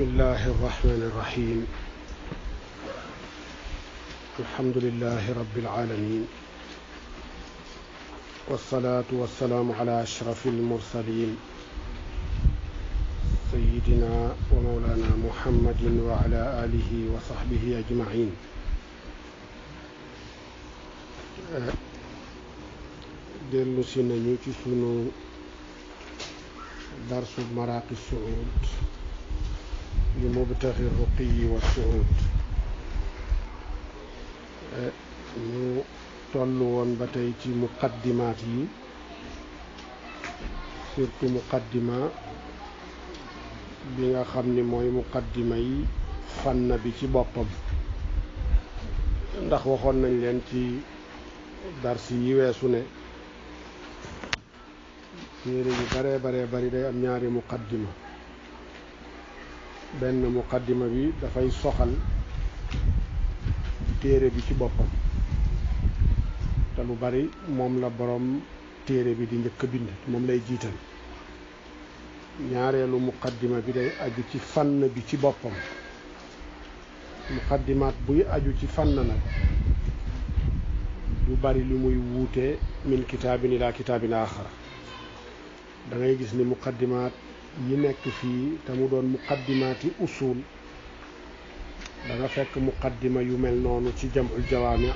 بسم الله الرحمن الرحيم الحمد لله رب العالمين والصلاة والسلام على أشرف المرسلين سيدنا ومولانا محمد وعلى آله وصحبه أجمعين دلو si nañu ci sunu darsu لمبتغي الرقي والسعود نو تلون بتيتي مقدماتي سرت مقدمة بيغا خمني موي مقدمي فن بيتي بطب ndax waxoon nañ leen ci darsi yi weesu ne yére yu baree baree bari day am ñaari muqaddima benn muqaddima bi dafay soxal téere bi ci boppam te lu bari moom la boroom téere bi di njëkk bind moom lay jiital ñaareelu muqaddima bi day aju ci fànn bi ci boppam muqaddimaat buy aju ci fànn nag lu bari li muy wuute min kitaabin ilaa kitaabin aaxara da gis ni muqaddimaat yi nekk fii te mu doon muqaddimaati usul da nga fekk muqaddima yu mel noonu ci jamul jawaami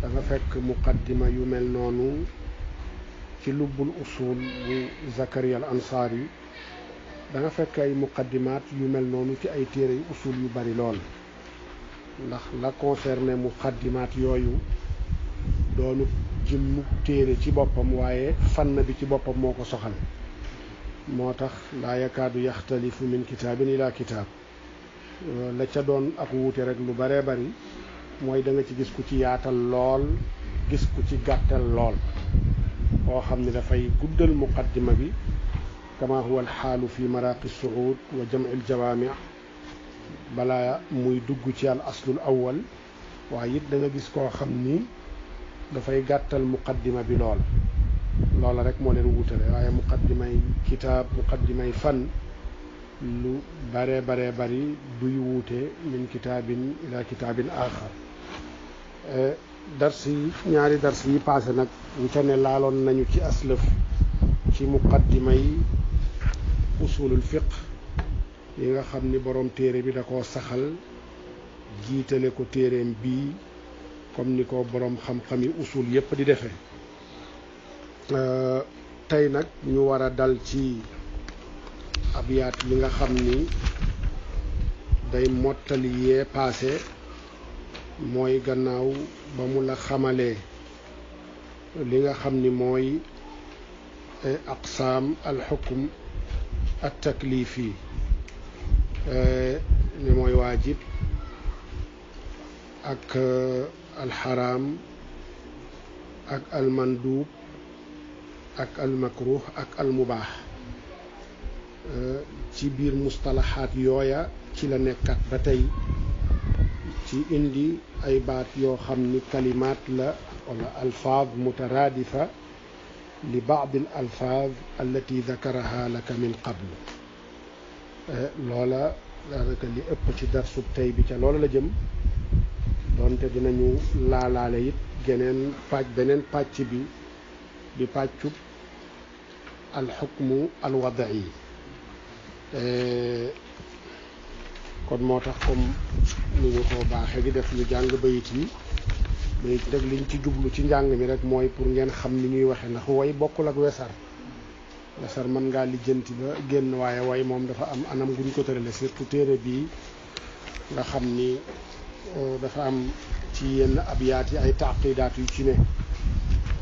da fekk muqaddima yu mel noonu ci lubbul usul bu Zakaria al yi da fekk ay muqaddimaat yu mel noonu ci ay téere yu usul yu bari lool ndax la concerné muqaddimaat yooyu doonu jëmmu téere ci boppam waaye fànn bi ci boppam moo ko soxal moo tax laa yakaadu yaxtalifu min kitaabin ila kitaab la ca doon ak wuute rek lu baree bari mooy danga ci gis ku ci yaatal lool gis ku ci gàttal lool koo xam ne dafay guddal muqaddima bi kama huwa alxaalu fi maraqi suud wa jamci aljawaamic balaa muy dugg ci al aslul awal waaye it danga gis koo xam ni dafay gàttal muqaddima bi lool loola rek moo leen wuutale waaye muqaddimay kitaab muqaddimay fan lu bare bare bari duy wuute min kitaabin ila kitaabin axar dars yi ñaari dars yi passé nag ñu ca ne laaloon nañu ci aslëf ci muqaddimay usulul fiq yi nga xam ni borom téere bi da koo saxal jiitale ko téereem bii comme ni ko borom xam-xami usul yépp di defee tey nag ñu war a dal ci abyaat yi nga xam ni day mottali yee paase mooy gannaaw ba mu la xamalee li nga xam ni mooy aqsaam alxukum at taklifi ni mooy waajib ak alxaraam ak almandub ak al makruh ak al mubah ci bir mustalahat yoya ci la nekkat ba tey ci indi ay baat yo xamni kalimat la wala alfaz mutaradifa li ba'd al alfaz allati dhakaraha lak min qabl lola la rek li ëpp ci darsub tay bi ca lola la jëm donte dinañu la la laalaale it geneen pàcc beneen pàcc bi di pàccub الحكم الوضعي كون موتاخ كوم ني نكو باخي دي داف لو جانغ بايتي مي داك لي نتي جوبلو تي جانغ مي رك موي بور نين خام ني ني واخي نخ واي بوكول اك وسار وسار مان غا لي جنتي با ген واي واي موم دا فا ام انام غون كو تريلي سيرتو تيري بي غا خام ني دا فا ام تي ين ابياتي اي تعقيدات يو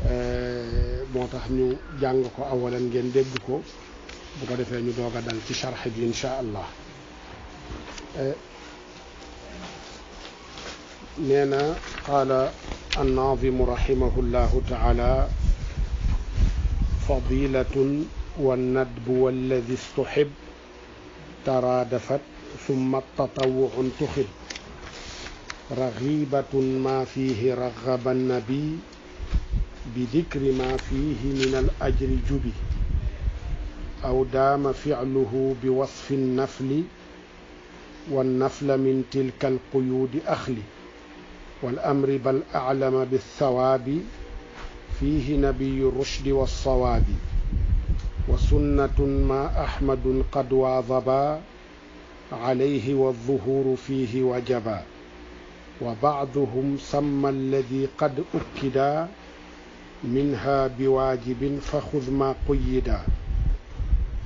Eh, motax ñu jang ko awalan ngeen degg ko bu ko defé ñu doga dal ci نينا قال الناظم رحمه الله تعالى فضيلة والندب والذي استحب ترادفت ثم التطوع انتخب رغيبة ما فيه رغب النبي بذكر ما فيه من الأجر جبه أو دام فعله بوصف النفل والنفل من تلك القيود أخلي والأمر بل أعلم بالثواب فيه نبي الرشد والصواب وسنة ما أحمد قد واظبا عليه والظهور فيه وجبا وبعضهم سمى الذي قد أكدا منها بواجب فخذ ما قيد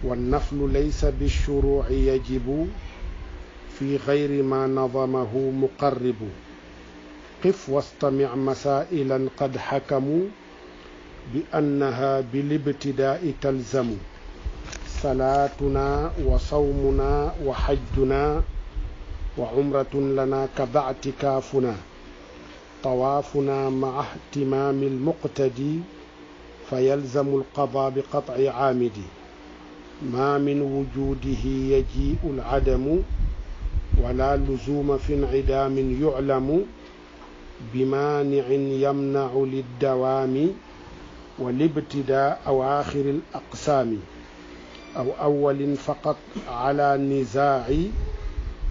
والنفل ليس بالشروع يجب في غير ما نظمه مقرب قف واستمع مسائلا قد حكموا بأنها بالابتداء تلزم صلاتنا وصومنا وحجنا وعمرة لنا كذا اعتكافنا طوافنا مع اهتمام المقتدي فيلزم القضاء بقطع عامدي ما من وجوده يجيء العدم ولا لزوم في انعدام يعلم بمانع يمنع للدوام والابتداء أواخر الأقسام أو أول فقط على نزاع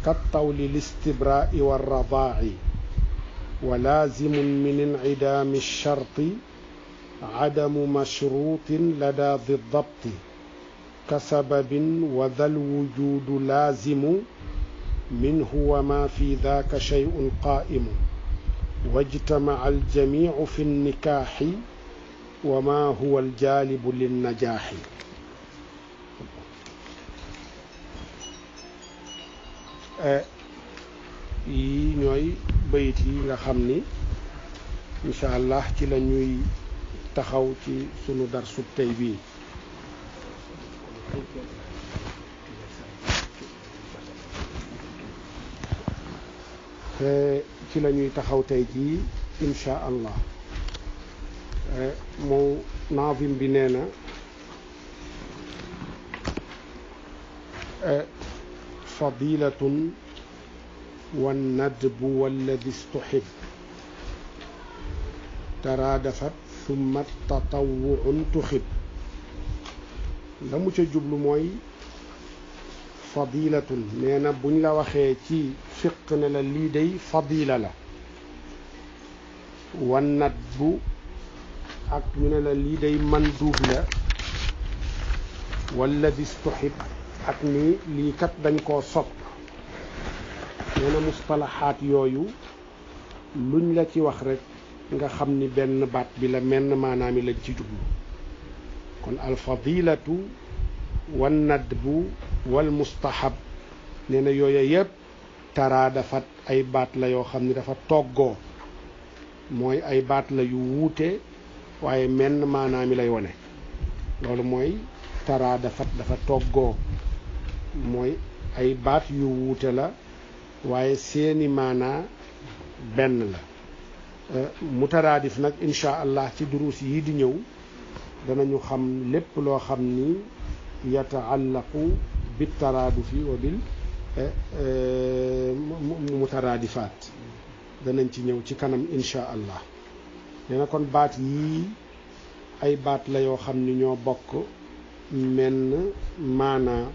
كالطول الاستبراء والرضاع ولازم من انعدام الشرط عدم مشروط لدى ذي الضبط كسبب وذا الوجود لازم منه وما في ذاك شيء قائم واجتمع الجميع في النكاح وما هو الجالب للنجاح أه، ايه نوي bayit yi nga xam ni incha allah ci la ñuy taxaw ci sunu dar sub tey bii ci la ñuy taxaw tey jii incha allah mu naavim bi nee na eh, fadilatun والندب والذي استحب ترادفت ثم التطوع تخب la mu ca jublu mooy fadilatun nee na buñ la waxee ci fiq ne la lii day fadila la wan nat bu ak ñu ne la lii day manduub la walla distuhib ak ni lii kat dañ koo sopp nee mustalaxaat yooyu luñ la ci wax rekk nga xam ni benn baat bi la menn maanaami lañ ci jublu kon alfadilatu wan nadbu wal mustahab nee na yooya yépp taraa dafa ay baat la yoo xam ni dafa toggoo mooy ay baat la yu wuute waaye menn maanaami lay wone loolu mooy taraa dafa dafa toggoo mooy ay baat yu wuute la waaye seeni maana benn la euh, mutaraadif nag incha allah ci duruus yi di ñëw danañu xam lépp loo xam ni yataallaqu bit taraadufi wa bil euh, euh, mutaraadifaat danañ ci ñëw ci kanam incha allah nee na kon baat yii ay baat la yoo xam ni ñoo bokk menn maana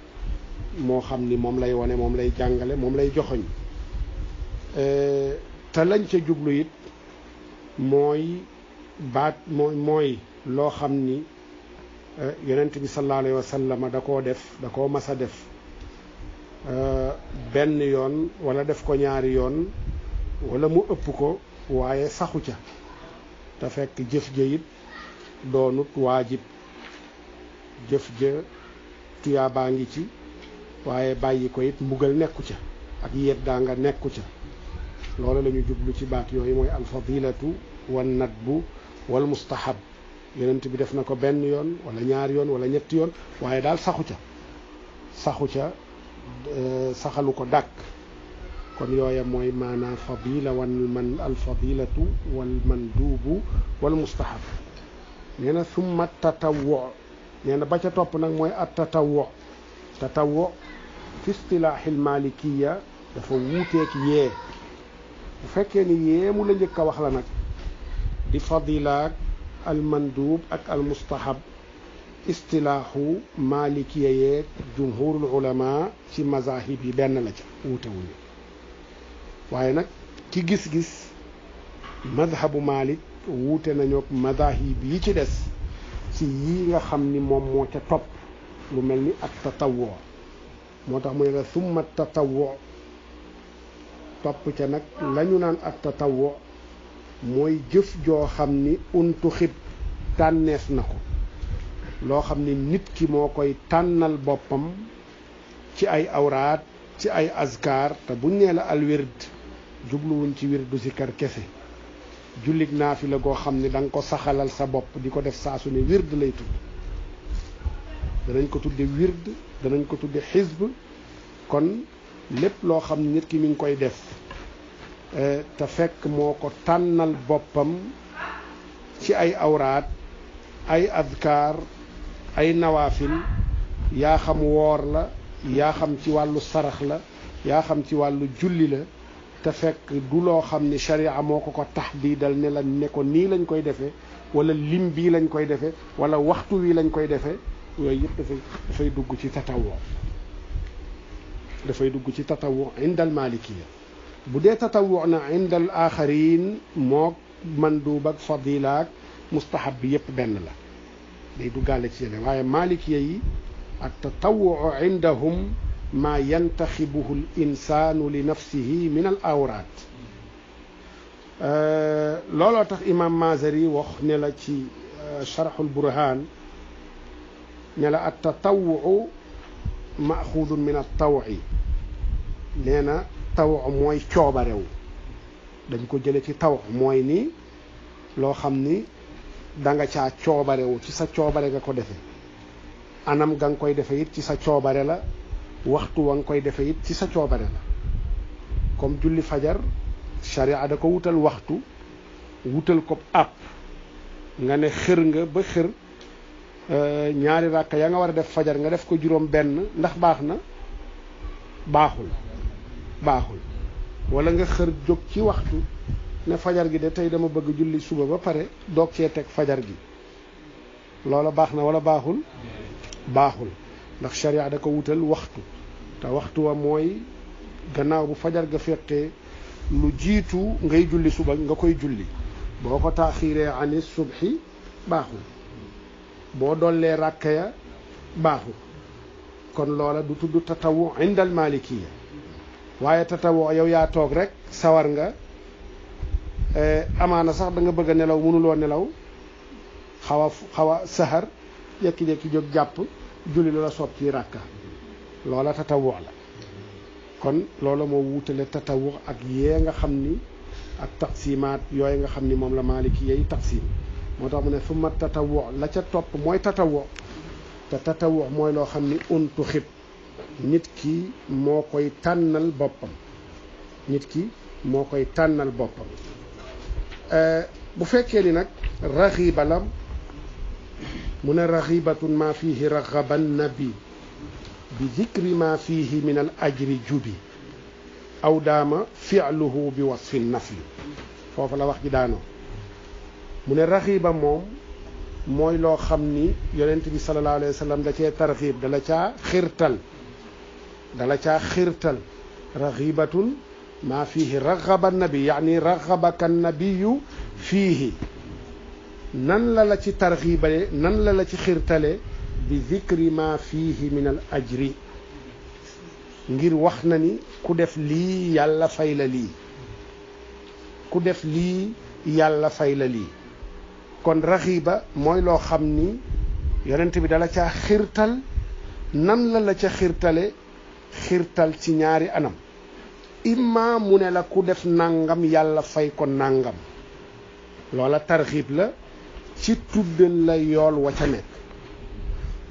moo xam ni moom lay wane moom lay jàngale moom lay joxoñ te lañ ca jublu it mooy baat mooy loo xam ni yeneen bi sallallahu alayhi wa sallam da koo def da koo mas a def benn yoon wala def ko ñaari yoon wala mu ëpp ko waaye saxu ca te fekk jëf ja it doonut waajib jëf ja baa ngi ci waaye bàyyi ko it mbugal nekku ca ak yet daa nekku ca loolu la jublu ci baat yooyu mooy alfadilatu wan bu wal mustahab yonent bi def na ko benn yoon wala ñaar yoon wala ñetti yoon waaye daal saxu ca saxu ca e, saxalu ko dàkk kon yooya mooy maanaa fadila wal man alfadilatu wal mandubu wal mustahab nee na summa tatawwo nee na ba ca topp nag mooy at tatawwo tatawwo في اصطلاح المالكية فووتك يه فكن يه ملنجك وخلنك دي فضيلاك المندوب أك المستحب اصطلاح مالكية جمهور العلماء في مذاهب بأن لك وتوني وينك كي جس جس مذهب مالك ووتنا نيوك مذاهب يتدس سيينا خمني مومو تطب لملني التطور moo tax mu ne la summa tatawoo topp ca nag lañu naan ak tatawoo mooy jëf joo xam ni untu xit tànnees na ko loo xam ni nit ki moo koy tànnal boppam ci ay awraat ci ay azkar te buñ nee la alwird jubluwuñ ci wirdu zikar kese jullit naa fi la goo xam ne danga ko saxalal sa bopp di ko def saa su ne wird lay tudd danañ ko tudde wird danañ ko tudde xisb kon lépp loo xam ne nit ki mi ngi koy def te fekk moo ko tànnal boppam ci ay awraat ay adkaar ay nawaafil yaa xam woor la yaa xam ci wàllu sarax la yaa xam ci wàllu julli la te fekk du loo xam ni sharia moo ko ko taxdiidal ne la ne ko nii lañ koy defee wala lim bii lañ koy defee wala waxtu wi lañ koy defee yooyu yëpp dafay dafay dugg ci tatawoo dafay dugg ci tatawo inda al malikiya bu de tatawo na inda al akharin mook mandub ak fadila ak mustahab bi yëpp benn la day duggal ci yene waye malikiya yi ak tatawo indahum ma yantaxibuhu al insaanu li nafsihi min al awraat looloo tax imam Mazari wax ne la ci نلا التطوع مأخوذ من الطوع نينا طوع موي تشوبارو دنجكو جيلي تي طوع موي ني لو خامني داغا تشا تشوبارو تي سا تشوبارو غا كو ديفي انام غان كوي ديفي تي سا تشوبارو لا وقت وان كوي ديفي تي سا تشوبارو لا كوم جولي فجر شريعه داكو ووتال وقت ووتال كوب اب nga ne xër nga ba xër Euh, ñaari ràkka yaa nga war a def fajar nga def ko juróom benn ndax baax na baaxul baaxul wala nga xër jóg ci waxtu ne fajar gi de tey dama bëgg julli suba ba pare doog cee teg fajar gi loola baax na wala baaxul baaxul ndax sharia da ko wutal waxtu te waxtu wa mooy gannaaw bu fajar ga feqee lu jiitu ngay julli suba nga koy julli boo ko taaxiiree ani subhi baaxul bo dolle rakaya ya kon lola du tuddu tatawu indal malikiyya waye tatawu yow ya tok rek sawar nga eh, amana sax da nga bëgg nelaw mënu lo nelaw xawa xawa sahar jékki-jékki jog japp julli la soppi rakka lola tatawu la kon lola mo wutale tatawu ak ye nga xamni ak taqsimat yoy nga xamni mom la malikiyya yi taqsim moo tax mu ne summa tatawoo la ca topp mooy tatawoo te tatawoo mooy loo xam ni untu xib nit ki moo koy tànnal boppam nit ki moo koy tànnal boppam bu fekkee ni nag raxiba la mu ne raxibatun ma fihi raxaban nabi bi zikri ma fihi min al ajri jubi aw daama filuhu bi wasfi nafi foofu la wax ji daanoo mu ne raxiiba moom mooy loo xam ni yonent bi sallallahu alayhi wa sallam da cee tarxiib dala caa xirtal dala caa xirtal raxiibatun maa fiihi raxaba nabi yaani raxabaka nabiyu fiihi nan la la ci tarxiibale nan la la ci xirtale bi zikri ma fiihi min al ajri ngir wax na ni ku def lii yàlla fay la lii ku def lii yàlla fay la lii kon raxiba mooy loo xam ni yonent bi dala ca xirtal nan la la ca xirtale xirtal ci ñaari anam imma mu ne la ku def nangam yàlla fay ko nangam loola tarxiib la ci tuddal la yool wa ca nekk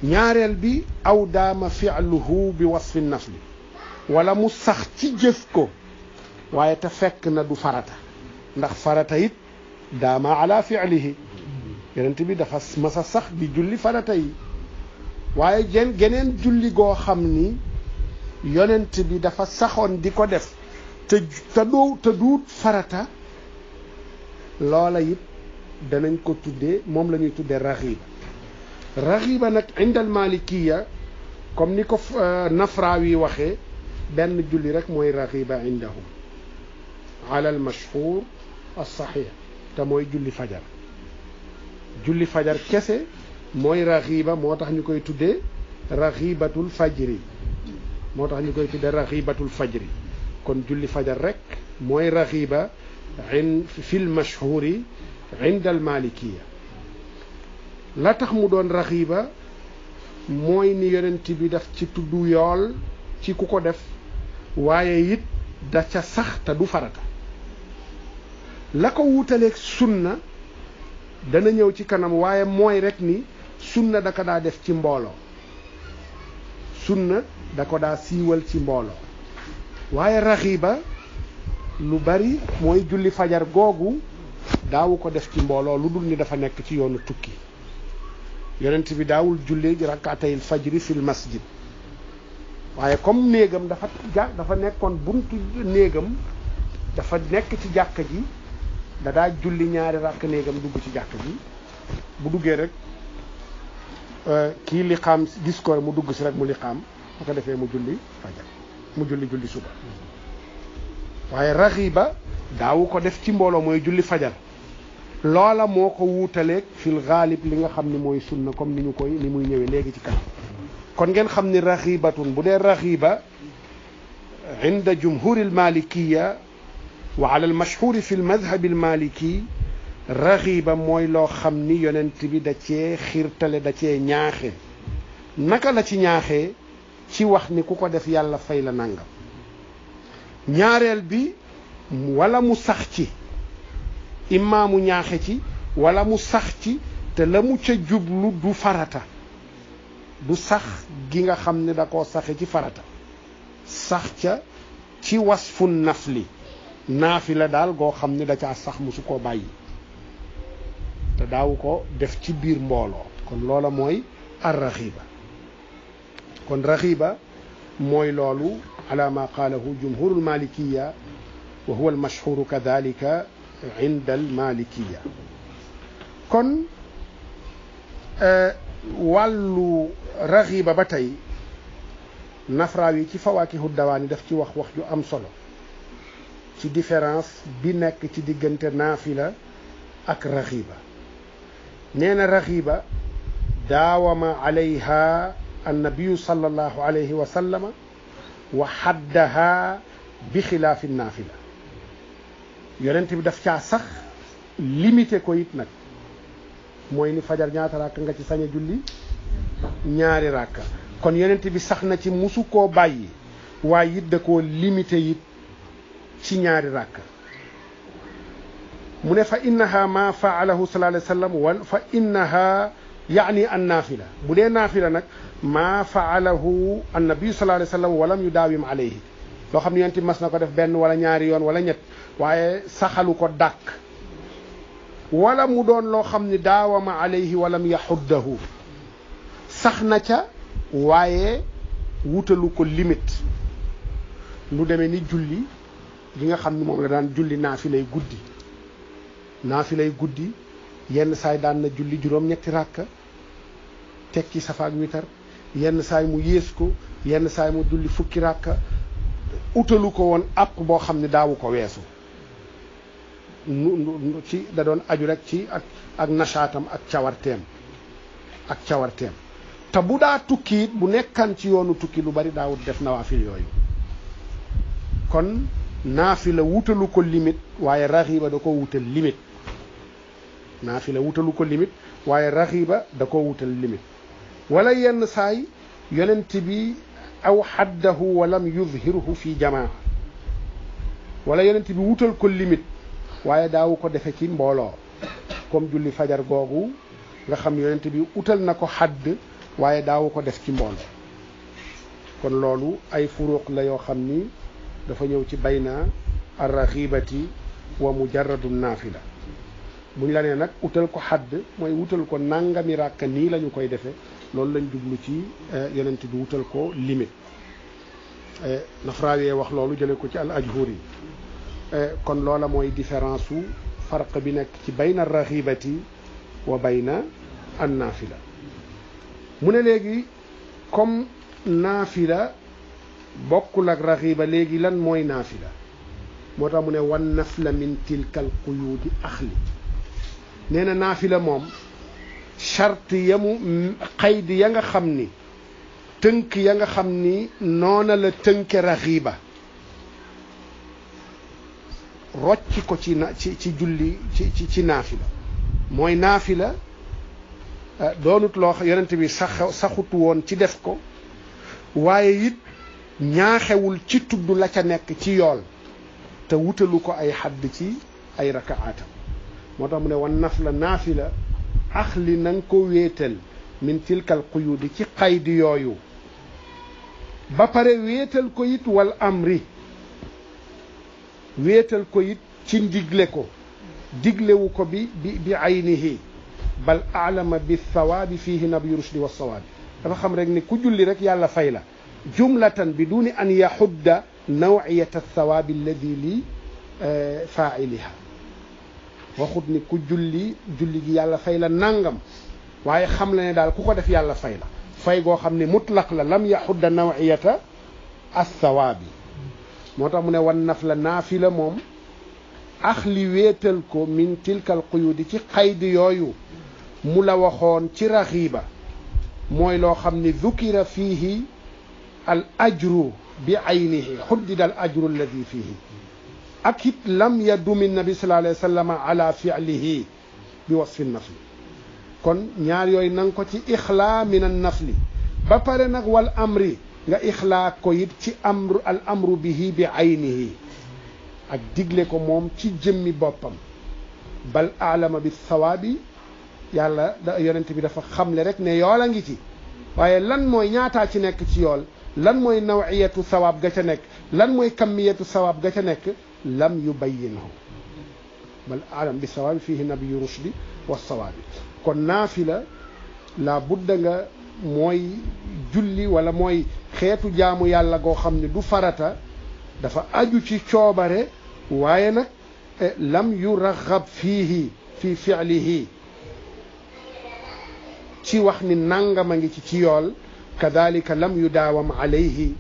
ñaareel bi aw daama fi'luhu bi wasfi nafli wala mu sax ci jëf ko waaye te fekk na du farata ndax farata it daama ala fi'lihi yonent bi dafa masa sax di julli farata yi waaye gen geneen julli goo xam ni yonent bi dafa saxoon di ko def te te doo te duut farata loola it danañ ko tuddee moom la ñuy tuddee raxiba raxiba nag indal malikiya comme ni ko nafraawi waxee benn julli rek mooy raxiba indahum ala al mashhur as sahih te mooy julli fajar julli fajar kese moy raghiba motax ñukoy tuddé raghibatul tuddee raxiibatul fajri moo tax ñu koy fajri kon julli fajar rek moy raghiba in fi mashhuri inda almalikiya la tax mu doon raxiiba mooy ni yonent bi daf ci tudd yool ci ku ko def waaye it da ca sax te du farata la ko sunna dana ñëw ci kanam waaye mooy rek ni sunna da ko daa def ci mbooloo sunna da ko daa siiwal ci mbooloo waaye raxiba lu bari mooy julli fajar googu daawu ko def ci mbooloo lu dul ni dafa nekk ci yoonu tukki yonent bi daawul julli rakkaatayil fajri fil masjid waaye comme néegam dafa dafa nekkoon buntu néegam dafa nekk ci jàkka ji da daa julli ñaari rakk néegam dugg ci jàkk bi bu duggee rek kii li xaam gis ko mu dugg si rek mu li xaam bu ko defee mu julli fajar mu julli julli suba waaye raxiba daawu ko def ci mbooloo mooy julli fajar loola moo ko wuutaleeg fil xaalib li nga xam ni mooy sunna comme ni ñu koy ni muy ñëwee léegi ci kanam kon ngeen xam ni raxibatun bu dee raxiba inda jumhuril malikiya وعلى المشهور في المذهب المالكي رغيبا موي لو خامني يوننت بي داتيه خيرتال داتيه نياخي نكا لا تي نياخي تي واخني كوكو داف يالا فاي لا نانغام نياريل بي ولا مسختي امام نياختي ولا مسختي تا لامو تي جوبلو دو فاراتا du sax gi nga xam ne da koo saxe ci farata sax ca ci wasfun nafli naafi la daal goo xam ni da caa sax musu koo bàyyi te daawu ko def ci biir mbooloo kon loola mooy ar raxiba kon raxiba mooy loolu ala ma qaalahu jumhurul malikiya wa huwa al mashhuru kadalika inda al malikiya kon wàllu raxiba ba tey nafraaw yi ci fawaakihu dawaani daf ci wax wax ju am solo ci différence bi nekk ci diggante naafila ak raxiba nee na raxiba daawama alayha annabiyu sallallahu alayhi wa sallama wa xaddaha bi xilaafi naafila yonent bi daf caa sax limité ko it nag mooy ni fajar ñaata ràkk nga ci sañ julli ñaari ràkk kon yonent bi sax na ci musu koo bàyyi waaye it da koo limité it ci ñaari ràkk mu ne fa innaha ma faalahu sallallahu alayhi wa wal fa innaha yaani an naafila bu dee naafila nag maa faalahu annabi sallallahu alayhi wa sallam walam yu daawim alayhi loo xam ne yonent mas na ko def benn wala ñaari yoon wala ñett waaye saxalu ko dàq wala mu doon loo xam ni daawama alayhi walam yaxuddahu sax na ca waaye wutalu ko limite lu demee ni julli gi nga xam ne moom la daan julli lay guddi lay guddi yenn saay daan na julli juróom-ñetti ràkka tekki safa ak yenn saay mu yées ko yenn saay mu julli fukki ràkka utalu ko woon àpp boo xam ne daawu ko weesu ci da doon aju rekk ci ak nasaatam ak cawarteem ak cawarteem te bu daa tukki bu nekkan ci yoonu tukki lu bari daawut def nawaafil yooyu kon naafila wutalu ko limite waaye raxiba da ko wutal limite naafila wutalu ko limite waaye raxiba da ko wutal limite wala yenn saay yonent bi aw xaddahu walam yudhirhu fi jamaa wala yonent bi wutal ko limite waaye daawu ko defe ci mbooloo comme julli fajar googu nga xam yonent bi utal na ko xadd waaye daawu ko def ci mbooloo kon loolu ay furuq la yoo xam ni dafa ñëw ci bayna arraxibati wa mujarradu nafila buñ la nee nag utal ko xadd mooy wutal ko nangami ràkk nii lañu koy defe loolu lañ jublu ci yonent bi wutal ko limite nafraawee wax loolu jële ko ci al ajhur yi kon loola mooy différence su farq bi nekk ci bayna raxibati wa bayna an naafila mu ne léegi comme naafila bokkul ak raxiba léegi lan mooy naafila moo mu ne wan nafla min tilkal quyuudi axli nee nafila mom moom yamu ya mu xayd ya nga xam ni tënk ya nga xam ni noona la tënke raxiba rocci ko ci na ci ci julli ci ci ci naafila mooy naafila doonut loo bi sax saxut woon ci def ko waaye it ñaaxewul ci tudd la ca nekk ci yool te wutalu ko ay xadd ci ay rakaatam moo tax mu ne wan naf la naafila axli na ko wéetal min tilkal quyudi ci xaydi yooyu ba pare wéetal ko it wal amri wéetal ko it ci ndigle ko diglewu ko bi bi bi aynihi bal aalama bi thawaabi fihi nabiyu rushdi wa sawaabi dafa xam rek ni ku julli rek yàlla fay la جملة بدون أن يحد نوعية الثواب الذي لي آه، فاعلها وخدني كجلي جلي يالا فايلا نانغام واي خملني دال كوكو داف يالا فايلا فاي غو مطلق لا لم يحد نوعية الثواب موتا مون ونفل نافل نافله موم اخلي ويتل من تلك القيود تي قيد يويو مولا واخون تي رخيبه موي ذكر فيه الأجر بعينه حدد الأجر الذي فيه أكيد لم يدوم النبي صلى الله عليه وسلم على فعله بوصف النفل kon ñaar yooyu na nga ko ci ixlaa min an nafli ba pare nag wal amri nga ixlaa ko it ci amru al amru bihi bi aynihi ak digle ko moom ci jëmmi boppam bal aalama bi sawaabi yàlla da yonent bi dafa xamle rek ne yoola ngi ci waaye lan mooy ñaataa ci nekk ci yool lan mooy nawiyatu sawaab ga ca nekk lan mooy kammiyatu sawaab ga ca nekk lam yu yubayinhu bal alam bi sawaabi fihi nabiyu rushdi wa sawaabi kon naafi la budda nga mooy julli wala mooy xeetu jaamu yàlla goo xam ne du farata dafa aju ci coobare waaye nag eh, lam yu yuraxab fii fi fiilihi ci wax ni nangam a ngi ci ci yool kadalika lam yu daawam alayhi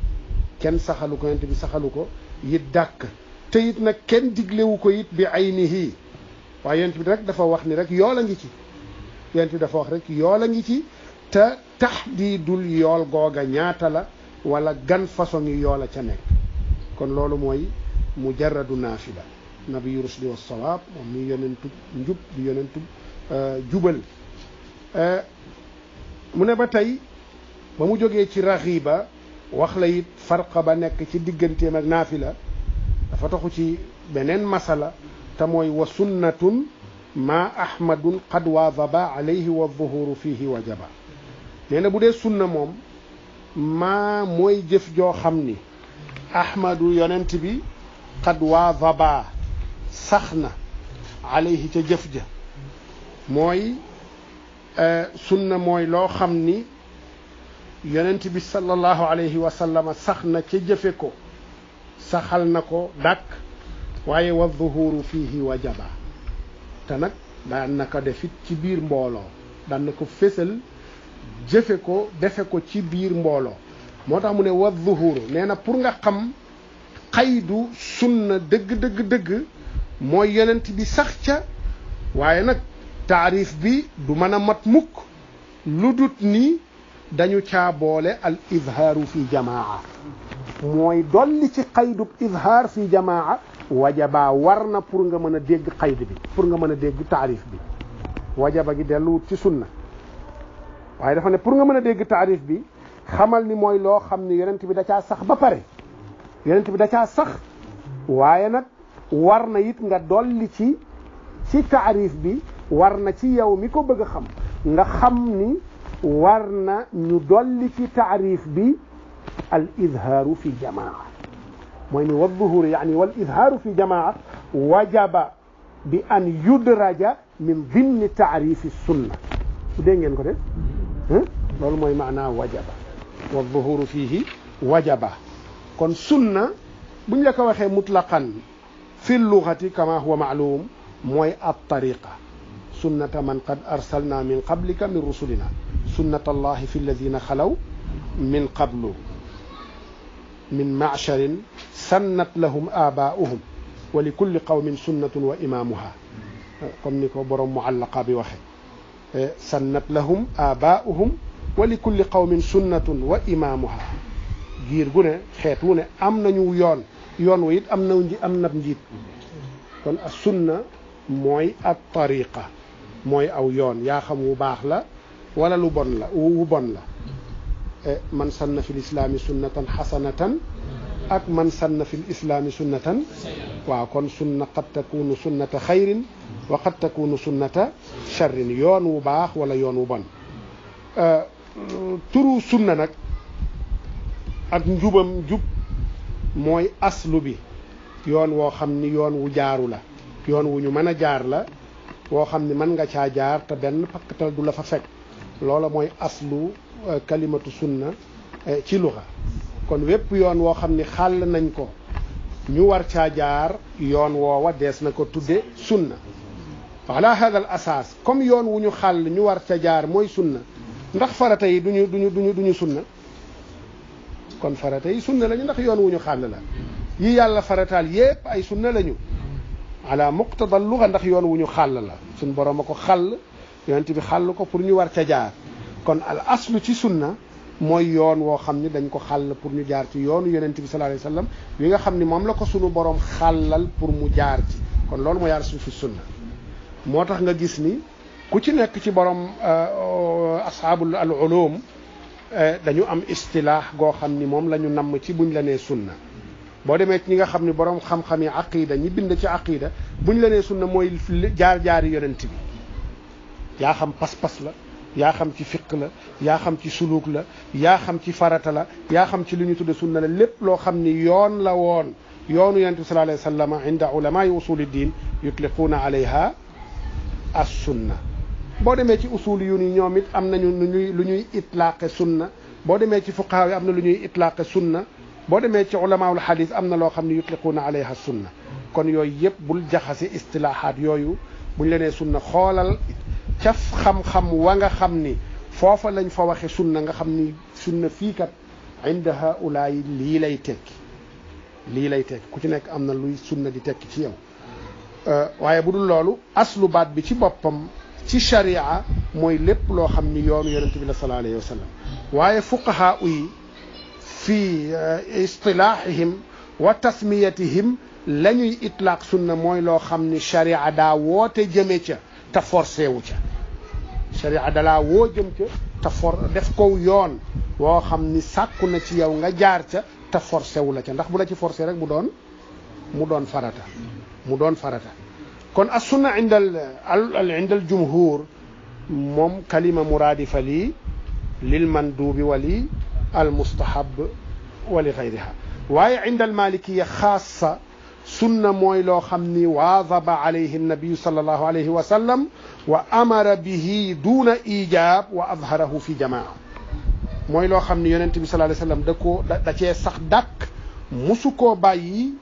kenn saxalu ko yonent bi saxalu ko it dàkk te nag kenn diglewu ko it bi aynihi waaye yonent bi rek dafa wax ni rek yool a ngi ci yonent bi dafa wax rek yool a ngi ci te taxdiidul yool googa ñaata la wala gan façon yi yool ca nekk kon loolu mooy mujarradu naafila nabiyu rusdi wa sawaab moom mi yonentub njub di euh, jubal euh, mu ne ba tey ba mu joge ci rahiba wax la it farqa ba nek ci digganteem ak naafila dafa taxu ci benen masala ta moy wa sunnatun ma ahmadun qad wa zaba alayhi wa dhuhur fihi wajaba nee na bu sunna mom ma moy jëf jo xamni ahmadu yonent bi qad wa zaba saxna alayhi ta jëf ja mooy sunna moy lo xamni yonent bi sallallahu alayhi wa sallama sax na ca jëfe ko saxal na ko dàkk waaye wa zuhuru fii wajaba te nag daan na ko defit ci biir mbooloo daan na ko fésal jëfe ko defe ko ci biir mbooloo moo tax mu ne wa zuhuru nee na pour nga xam xaydu sunna dëgg dëgg dëgg mooy yonent bi sax ca waaye nag taarif bi du mën a mat mukk lu dut ni dañu caa boole al izhaaru fi jamaa mooy dolli ci xaydub izhaar fi jamaa wajaba war na pour nga mën a dégg xayd bi pour nga mën a dégg taarif bi wajaba gi delluwut ci sunna waaye dafa ne pour nga mën a dégg taarif bi xamal ni mooy loo xam ne yonent bi da caa sax ba pare yonent bi da caa sax waaye nag war na it nga dolli ci ci taarif bi war na ci yow mi ko bëgg a xam nga xam ni ورنا ندل في تعريف ب الإظهار في جماعة وين والظهور يعني والإظهار في جماعة وجب بأن يدرج من ضمن تعريف السنة ودين ينقل كده لول موي معنى وجب والظهور فيه وجب كون سنة بن لاكو مطلقا في اللغة كما هو معلوم موي الطريقة سنة من قد أرسلنا من قبلك من رسلنا سنة الله في الذين خلوا من قبل من معشر سنت لهم آباؤهم ولكل قوم سنة وإمامها قم برم معلقة بوحي سنت لهم آباؤهم ولكل قوم سنة وإمامها غير غنى خيطون أمنا نيو يون ويد أمنا نجي أمنا نجي السنة موي الطريقة moy aw yoon yaa xam wu baax la wala lu bon la wu bon la man sanna fi lislaami sunnatan xasanatan ak man sanna fi lislaami sunnatan waaw kon sunna qad takunu sunnata xayrin wa qad takunu sunnata charrin yoon wu baax wala yoon wu bon turu sunna nag ak njubam njub mooy aslu bi yoon woo xam ni yoon wu jaaru la yoon wu ñu mën a jaar la woo xam ni mën nga caa jaar te benn pakkatal du la fa fekk loola mooy aslu euh, kalimatu sunna euh, ci luxa kon wépp yoon woo xam ni xàll nañ ko ñu war caa jaar yoon woowa dees na ko tudde sunna ala hada al asaas comme yoon wu ñu xàll ñu war ca jaar mooy sunna ndax farata yi duñu duñu du duñu sunna kon farata yi sunna lañu ndax yoon wu ñu xàll la yi yàlla farataal yépp ay sunna lañu على مقتضى اللغة ندخ يون ونيو خال لا سن بروم كو خال يونت بي خال كو بور نيو وار تي جار كون الاصل تي سنة موي يون وو خامني دنج كو خال بور نيو جار تي يون يونت بي صلى الله عليه وسلم ويغا خامني مام لا كو سونو بروم خالال بور مو جار تي كون لول مو يار سو في سنة موتاخ nga gis ni ku ci nek ci borom اصحاب العلوم dañu am istilah go xamni mom lañu nam ci buñ la né sunna boo demee ci ñi nga xam ne borom xam-xam yi aqida ñi bind ci aqida buñ la nee sunna mooy jaar-jaari yonent bi yaa xam pas-pas la yaa xam ci fiq la yaa xam ci suluk la yaa xam ci farata la yaa xam ci li ñu tudde sunna la lépp loo xam ni yoon la woon yoonu yonent bi sallallahu alayhi wa sallam inda ulama yi usuli diin yutliquuna alayha as sunna boo demee ci usul yu ni ñoom it am nañu lu ñuy lu ñuy itlaaqe sunna boo demee ci fuqaha yi am na lu ñuy itlaaqe sunna boo demee ci ulamaawul xadis am na loo xam ne yutliquuna alayha sunna kon yooyu yëpp bul jaxase istilaahaat yooyu buñ la nee sunna xoolal caf xam-xam wa nga xam ni foofa lañ fa waxe sunna nga xam ni sunna fii kat inda haulaay lii lay tekki lii lay tekki ku ci nekk am na luy sunna di tekki ci yow euh, waaye bu dul loolu aslu baat bi ci boppam ci sharia mooy lépp loo xam ni yoonu yonente bi la sallallahu alayhi wa yi في istilahihim wa tasmiyatihim la ñuy itlaaq sunna mooy loo xam ni sharia daa woote jëme ca te forcé wu ca sharia dalaa woo jëm ca te for def kow yoon woo xam ni sàkku na ci yow nga jaar ca te forcé wu la ca ndax bu la ci forcé rek mu doon mu doon farata mu doon farata kon as sunna inda al inda al jumhur moom kalima muraadifa lii lil manduubi wa lii المستحب ولغيرها واي عند المالكية خاصة سنة موي لو خمني واظب عليه النبي صلى الله عليه وسلم وأمر به دون إيجاب وأظهره في جماعة موي لو خمني يننتبي صلى الله عليه وسلم دكو دكي سخدك musuko bayyi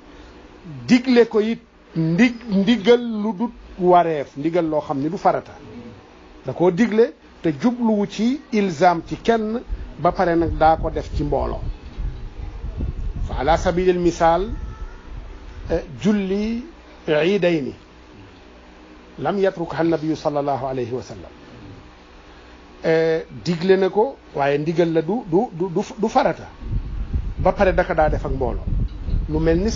digle ko yit ndig ndigal ludut wareef ndigal lo xamni du farata da ko digle te jublu ci ilzam ci kenn ba pare nag daa ko def ci mbooloo fa ala sabilil misaal julli iidayni lam yatrukha nabiyu sallallahu alayhi wa sallam digle na ko waaye ndigal la du du du farata ba pare daka daa def ak mbooloo lu mel ni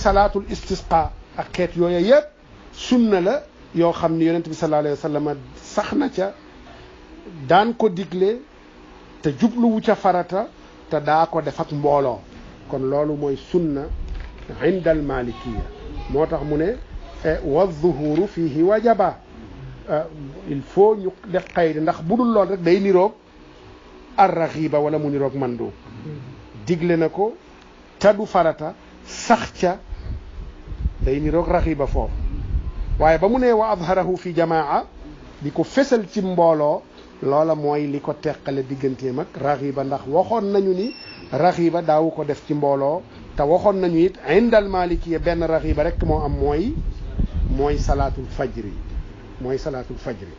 istisqa ak xeet yooya yëpp sunna la yoo xam ni bi sallallahu alayhi wa sallam sax ca daan ko digle te jubluwu ca farata te daa ko def ak mbooloo kon loolu mooy sunna inda al malikiya moo tax mu ne wa zuhuru fihi wajaba il faut ñu def xayri ndax bu dul lool rek day niroog arraxiba wala mu niroog mandu digle na ko te du farata sax ca day niroog raxiba foofu waaye ba mu ne wa azharahu fi jamaa di ko fesal ci mbooloo loola mooy li ko teqale digganteem ak raxiba ndax waxoon nañu ni raxiba daawu ko def ci mbooloo te waxoon nañu it indal malikiya benn raxiba rek moo am mooy mooy salaatul fajri mooy salaatul fajri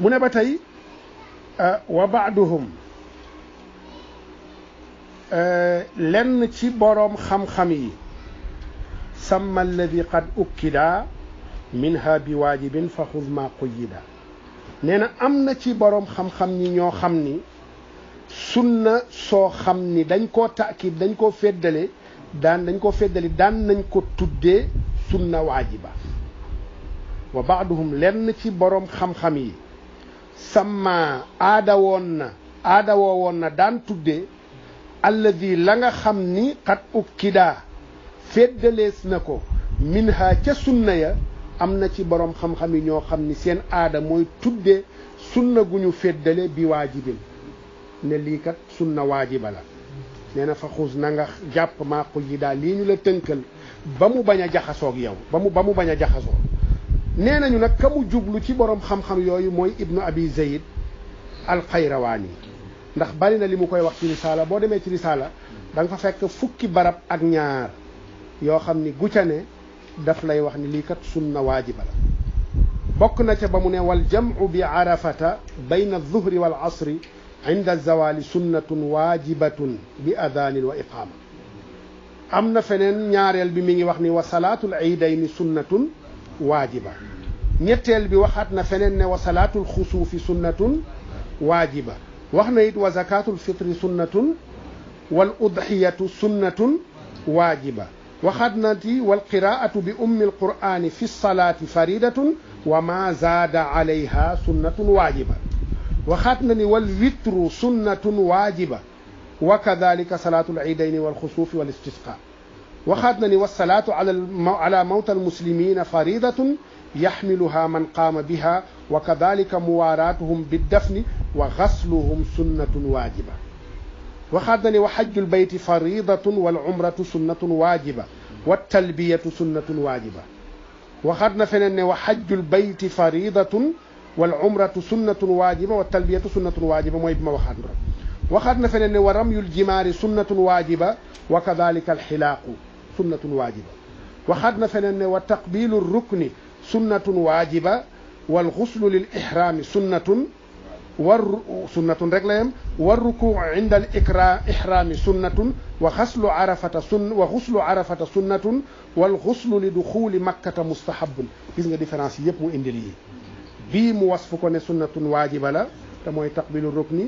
mu ne ba tey wa baaduhum lenn ci boroom xam-xam yi samma alladi qad ukkida minha bi waajibin fa xuz ma quyida nee na am na ci boroom xam-xam ñi ñoo xam ni sunna soo xam ni dañ koo taakid dañ koo feddale daan dañ koo feddali daan nañ ko tuddee sunna waajiba wa baaduhum lenn ci boroom xam-xam yi sama aada woon na aada woo woon na daan tuddee alladi la nga xam ni xat ukkidaa feddalees na ko minha ca sunna ya am na ci boroom xam-xam yi ñoo xam ni seen aada mooy tudde sunna gu ñu féddale bi waajibin ne lii kat sunna waajiba la nee na fa xuus na nga jàpp maa quyidaa lii ñu la tënkal ba mu bañ a jaxasoog yow ba mu ba bañ a jaxasoo nee nañu nag ka mu jublu ci borom xam-xam yooyu mooy ibnu abi zayd alxayrawaan yi ndax bari na li mu koy wax ci risaala boo demee ci risaala danga fa fekk fukki barab ak ñaar yoo xam ni gucca ne daf lay wax ni li kat sunna wajiba la bok na ca ba mu ne wal jam'u bi arafata bayna adh-dhuhri wal asri inda az-zawali sunnatun wajibatun bi adaanin wa iqama amna fenen ñaarel bi mi ngi wax ni wa salatul 'eidayn sunnatun wajiba ñettel bi waxat na fenen ne wa salaatul xusuufi sunnatun wajiba wax na it wa zakaatul fitri sunnatun wal udhiyatu sunnatun wajiba وخدنتي والقراءة بأم القرآن في الصلاة فريدة وما زاد عليها سنة واجبة وختنني والوتر سنة واجبة وكذلك صلاة العيدين والخسوف والاستسقاء وختنني والصلاة على على موتى المسلمين فريضة يحملها من قام بها وكذلك مواراتهم بالدفن وغسلهم سنة واجبة وخادني وحج البيت فريضة والعمرة سنة واجبة والتلبية سنة واجبة وخادنا فنن وحج البيت فريضة والعمرة سنة واجبة والتلبية سنة واجبة ما يبما وخادنا وخادنا فنن ورمي الجمار سنة واجبة وكذلك الحلاق سنة واجبة وخادنا فنن وتقبيل الركن سنة واجبة والغسل للإحرام سنة سنة رجلهم والركوع عند الإحرام سنة وغسل عرفة سنة وغسل عرفة سنة والغسل لدخول مكة مستحب كيف نجد فرانسي يبمو اندلي بي موصفك سنة واجبة لا تمو يتقبل الركن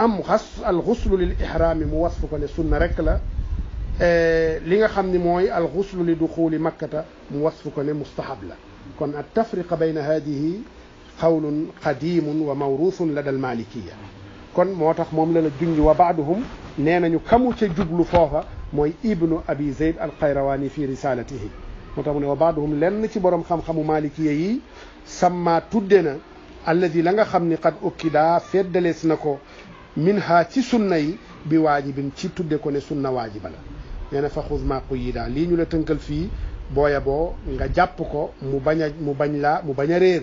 أم الغسل للإحرام موصفك سنة ركلة لغا خمني موي الغسل لدخول مكة موصفك مستحب لا كون التفرق بين هذه xawlun qadimun wa mawruthun lada almalikiya kon moo tax moom la la wa baaduhum nee nañu kamu ca jublu foofa mooy ibnu abi zeyd alxayrawaani fi risalatihi moo tax mu ne wa baaduhum lenn ci borom xam-xamu malikiya yi samma tudde na alladi la nga xam ni qad ukkidaa feddalees na ko min ha ci sunna yi bi waajibin ci tudde ko ne sunna waajiba la nee na fa xuz ma quyida lii ñu la tënkal fii booya boo nga jàpp ko mu bañ a mu bañ laa mu bañ a réer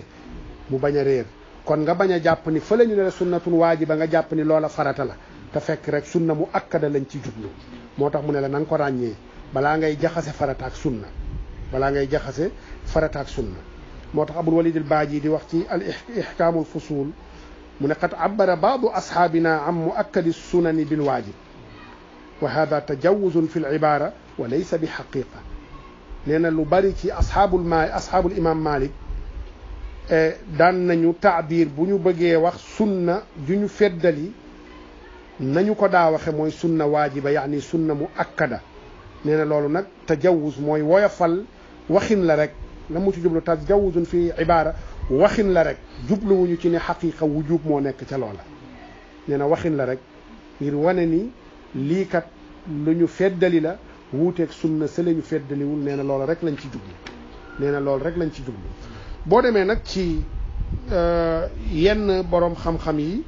mu bañ a réer kon nga bañ a jàpp ni fële ñu ne la sunnatun waajiba nga jàpp ni loola farata la te fekk rek sunna mu akkada lañ ci jublu moo tax mu ne la na nga ko ràññee balaa ngay jaxase farata ak sunna balaa ngay jaxase farata ak sunna moo tax abul walid al baaji di wax ci al ihkaamul fusul mu ne qad abbara baadu ashaabina an muakkadi sunani bil waajib wa hada tajawuzun fi l ibaara wa laysa bi xaqiqa nee na lu bari ci ashaabul ma ashaabul imam malik daan nañu tabir bu ñu bëggee wax sunna ju ñu feddali nañu ko daa waxe mooy sunna waajiba yani sunna mu akkada nee na loolu nag tajawuz mooy woyofal waxin la rek la mu ci jublu tajawuzun fi ibara waxin la rek jublu wuñu ci ne xaqiqa wujub moo nekk ca loola nee na waxin la rek ngir wane ni lii kat lu ñu feddali la wuuteeg sunna sa la ñu feddaliwul nee na loola rek lañ ci jublu nee na loolu rek lañ ci jublu boo demee nag ci euh, yenn boroom xam-xam yi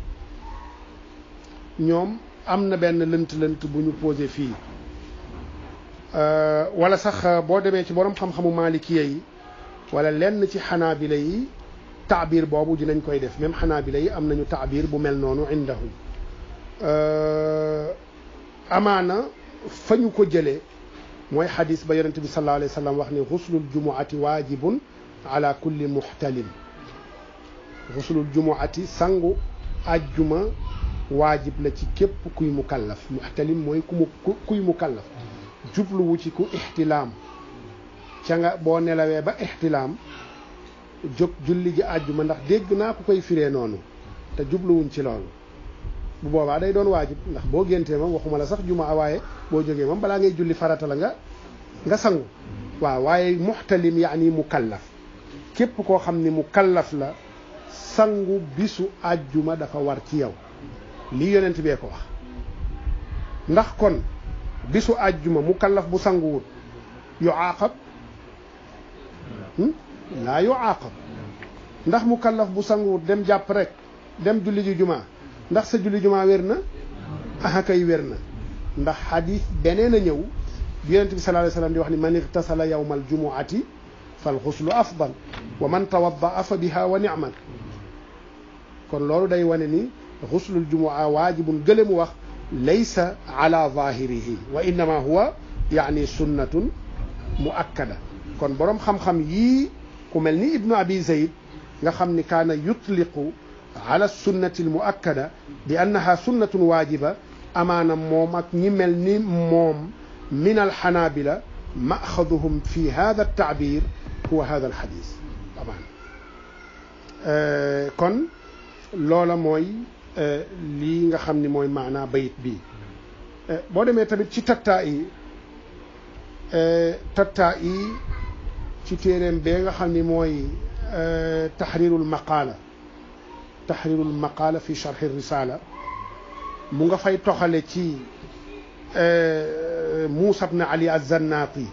ñoom am na benn lënt-lënt bu ñu posé fii euh, wala sax boo demee ci boroom xam-xamu maalikiya yi wala lenn ci xanaabila yi taabir boobu dinañ koy def même xanaabila yi am nañu taabir bu mel noonu indahum euh, amaana fa ñu ko jëlee mooy xadis ba yonente bi sallallahu alayhi wa sallam wax ne xuslul jumuati waajibun على كل محتلم غسل الجمعة سانغو الجمعة واجب لا تي كيب كوي مكلف محتلم موي كوي مكلف جوبلو وتي كو احتلام تيغا بو نلاوي با احتلام جوك جولي جي الجمعة ناخ دغنا كو كاي فيري نونو تا جوبلو وون سي لول bu boba day doon waajib ndax boo gentee mom waxuma la sax juma waaye boo jógee mom balaa ngay julli farata la nga nga sangu waaw waaye muxtalim yani mukallaf képp koo xam ni mu kallaf la sangu bisu àjjuma dafa war ci yow lii yonent bee ko wax ndax kon bisu àjjuma mu kallaf bu sanguwut yuaaqab hmm? laa yuaaqab ndax mu kallaf bu sanguwut dem jàpp rek dem julli ji jumaa ndax sa julli jumaa wér aha kay werna. na ndax xadis beneen a ñëw yonent bi salaa sallam di wax ni man jumuati فالxuslu afdal wa man tawaddaa fa biha wa nicman kon loolu day wane ni xuslul jumua waajibun gële mu wax laysa ala zahirihi wa innama huwa yaani sunnatun muakkada kon boroom xam-xam yii ku mel ni ibnu abi zayd nga xam ni kaana yutliqu ala sunnati almuakkada bi annaha sunnatun waajiba amaana moom ak ñi mel ni moom min alxanaabila maaxaduhum fi hada altaabir هو هذا الحديث طبعا آه، كن لولا موي آه، ليغا خامني موي معنى بيت بي آه، بو ديمي تامي سي تاتاي تاتاي سي تيرم بيغا خامني موي تحرير المقاله تحرير المقاله في شرح الرساله موغا فاي توخالي سي موسى بن علي الزناطي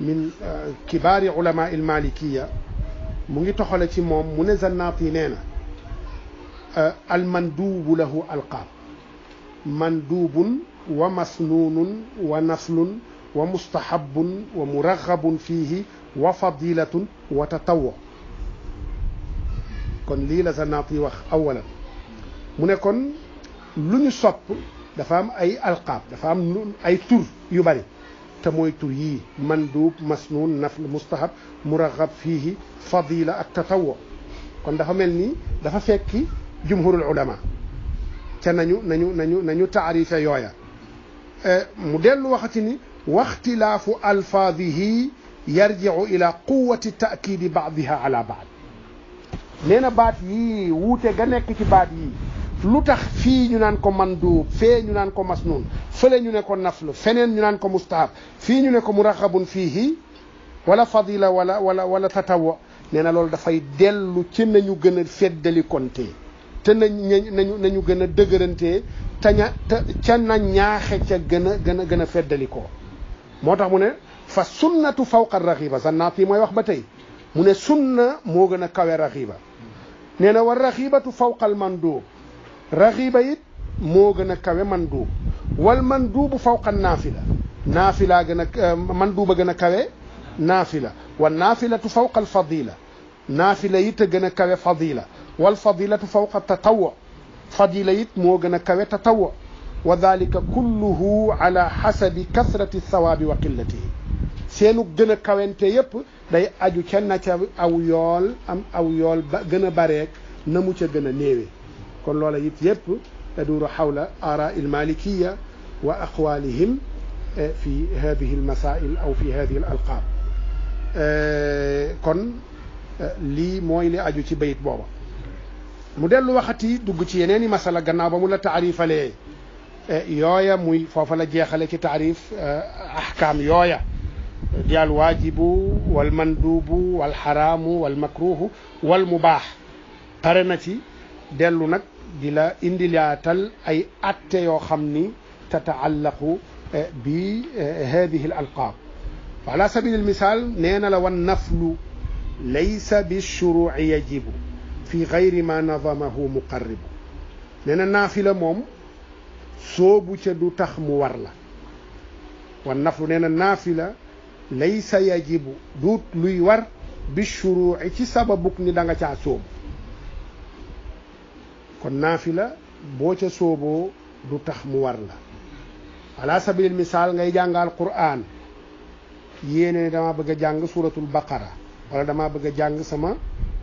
من آه، كبار علماء المالكية مونغي توخالا تي موم مو آه، المندوب له القاب مندوب ومسنون ونسل ومستحب ومرغب فيه وفضيلة وتطوع كون لي لزناتي وخ أولا مونه كون لوني سوب دا اي القاب دا اي تور يو تمويت مندوب مسنون نفل مستحب مرغب فيه فضيلة التطوع كون دا فملني دا فكي جمهور العلماء تا نيو نيو نيو نانيو تعريف يويا مو دلو وقتي واختلاف الفاظه يرجع الى قوه تأكيد بعضها على بعض نينا بعد يي ووتي غا نيك سي بات يي lu tax fii ñu naan ko mandu fee ñu naan ko masnun fële ñu ne ko nafl feneen ñu naan ko mustahab fii ñu ne ko muraxabun fiihi wala fadila wala wala wala tatawa nee na loolu dafay dellu ci nañu gën a feddali konte te nañ nañu nañu gën a dëgërantee taña ca na ñaaxe ca gën a gën a gën a feddalikoo moo tax mu ne fa sunnatu fawqa raxiba zannaat yi mooy wax ba tey mu ne sunna moo gën a kawe raxiba nee na wa raxibatu fawqa al mandub رغيبة موغ نكاوة مندوب والمندوب فوق النافلة نافلة مندوبة نكاوة نافلة والنافلة فوق الفضيلة نافلة يت نكاوة فضيلة والفضيلة فوق التطوع فضيلة يت موغ نكاوة تطوع وذلك كله على حسب كثرة الثواب وقلته seenu gëna kawente yépp day aju ca na ca aw yool am aw yool gëna bareek na kon loola it yépp تدور حول آراء المالكية وأقوالهم في هذه المسائل أو في هذه الألقاب kon lii mooy li aju ci bayit booba mu dellu waxati dugg ci yeneeni masala gannaaw ba mu la taarifalee yooya muy foofa la jeexale ci taarif ahkaam yooya di al waajibu wal manduubu wal xaraamu wal makruuhu wal mubaax pare na ci dellu nag di la indilaatal ay atte yoo xam ni tataallaqu bi hadihi al alqaab fa ala sabili almisal nee na la wan naflu laysa bilshuruci yajibu fi gayri ma nadamahu muqarribu nee na naafila moom soobu ca du tax mu war la wan naflu nee na naafila laysa yajibu duut luy war bishuruci ci sababuk ni da nga caa soobu kon naafila boo ca sooboo du tax mu war la ala sabilil misaal ngay jàngal quraan yéene ne dama bëgg a jàng suratul baqara wala dama bëgg a jàng sama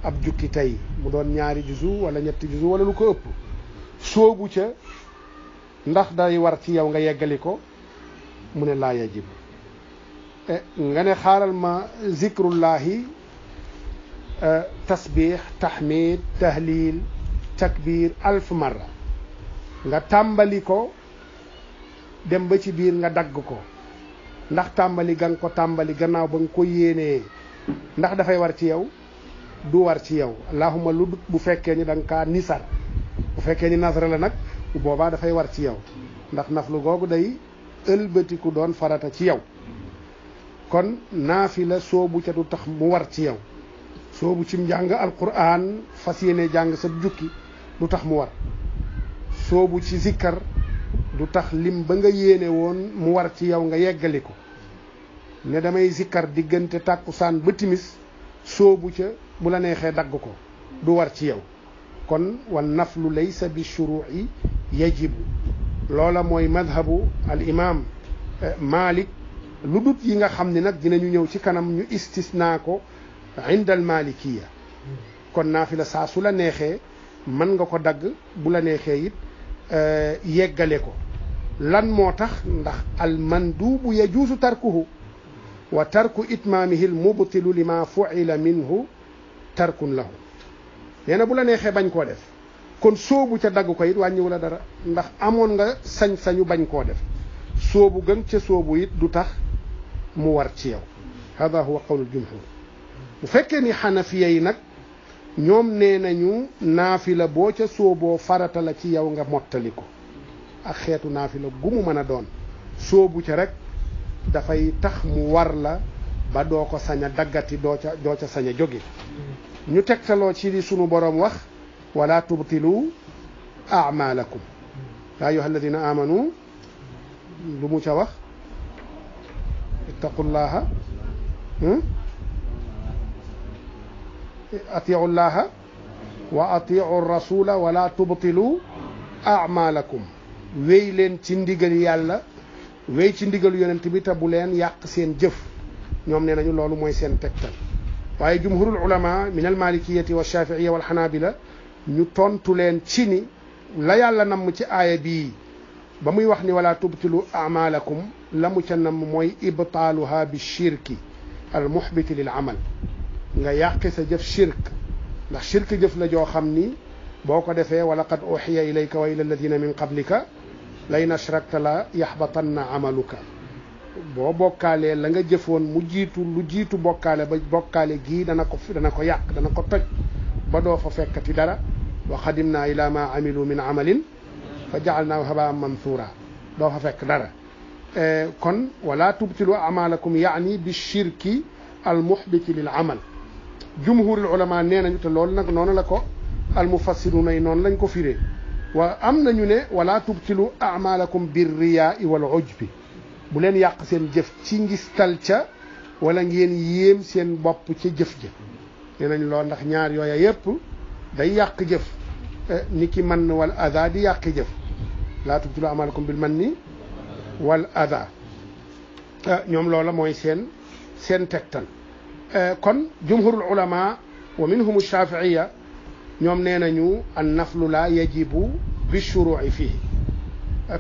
ab jukki tey mu doon ñaari juzu wala ñetti juzu wala lu ko ëpp soobu ca ndax day war ci yow nga yeggali ko mu ne laa yajib nga ne xaaral ma zikrullahi tasbix tahmid tahlil takbir alf marra nga tambali ko dem ba ci biir nga dagg ko ndax tambali gan ko tambali gannaaw ba nga ko yéenee ndax dafay war ci yow du war ci yow allahuma lu bu fekkee ni da nisar bu fekkee ni la nag bu boobaa dafay war ci yow ndax naflu googu day ëlbatiku doon farata ci yow kon nafila soobu ca du tax mu war ci yow soobu ci njàng alquran fas yéene sa jukki du tax mu war soobu ci zikkar du tax lim ba nga yéene woon mu war ci yow nga yeggali ko ne damay zikkar diggante tàkkusaan ba timis soobu ca bu la neexee dagg ko du war ci yow kon wan naflu laysa bi shuruuci yajibu loola mooy madhabu al imam eh, malik lu dut yi nga xam ni nag dinañu ñëw ci kanam ñu istisnaa ko inda al malikiya kon naafila saa su la neexee man nga ko dagg bu la neexee it yeggale ko lan moo tax ndax mandubu yajuusu tarkuhu wa tarku itmamihi al almubtilu lima fuila minhu tarkun lahu yena bu la neexee bañ koo def kon soobu ca dagg ko it wàññiwu la dara ndax amoon nga sañ-sañu bañ koo def soobu gën ca soobu it du tax mu war ci yow hada huwa qawlu jumhur bu fekkee ni ñoom nee nañu naafila boo ca sóoboo farata la ci yow nga mottali ko ak xeetu naafila gu mu mën a doon sóobu ca rekk dafay tax mu war la ba doo ko sañ a daggati doo ca doo sañ a jóge ñu tegtaloo ci li sunu boroom wax wala tubtilu amalakum yaa ayyuha alladina amanu lu mu ca wax ittaqullaha hmm? اطيعوا الله واطيعوا الرسول ولا تبطلوا اعمالكم وي لين تنديغل يالا وي تنديغل يونتي بي تبولين ياق سين جيف نيوم نينا لولو موي سين تكتال واي جمهور العلماء من المالكيه والشافعيه والحنابله ني تونتو لين تشيني لا يالا نام ايه بي بمي وحني ولا تبطلوا اعمالكم لامو تي نام موي ابطالها بالشرك المحبط للعمل nga yàqe sa jëf shirk ndax shirk jëf na joo xam ni boo ko defee wala qad uxiya ilayka wa ila alladina min qablika layn ashrakta la yaxbatanna amaluka boo bokkaalee la nga jëfoon mu jiitu lu jiitu bokkaale ba bokkaale gii dana ko dana ko yàq dana ko toj ba doo fa fekkati dara wa xadimna ila ma amilu min amalin fa jaalnaahu habaan mansuura doo fa fekk dara kon wala tubtilu amalakum yani bi shirki al muxbiti lil amal جمهور العلماء نينا nañu te loolu nag noonu la ko almufassiruna yi noonu lañ ني ولا تبتلوا اعمالكم بالرياء والعجب wala ياق amalakum جيف wal نغيستال bu ولا نين ييم سين بوب ngistal جيف wala ngeen yéem seen bopp ca jëf ja ñaar day yàq jëf niki man wal ada di yàq jëf la tubtilu amalakum bil manni wal ada ñom loola moy sen sen tegtal كون جمهور العلماء ومنهم الشافعيه نيوم نينا نيو النفل لا يجب بالشروع فيه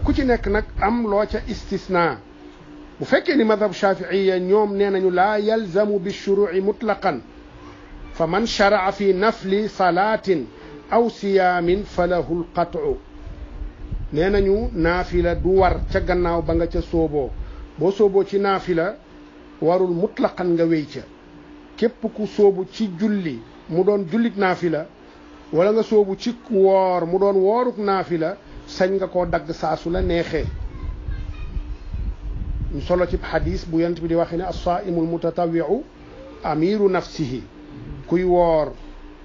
كوتي نك نك ام لوتا استثناء بو فكني مذهب الشافعيه نيوم نينا نيو لا يلزم بالشروع مطلقا فمن شرع في نفل صلاه او صيام فله القطع نينا نيو نافله دوار تا غناو باغا تا صوبو بو صوبو تي نافله warul مطلقا nga wéy képp ku soobu ci julli mu doon jullit naafila wala nga sóobu ci woor mu doon wooruk naafila sañ nga koo dagg saasu la neexee ñu solo ci xadis bu yent bi di waxe ne assaimul mutatawiu amiru nafsihi kuy woor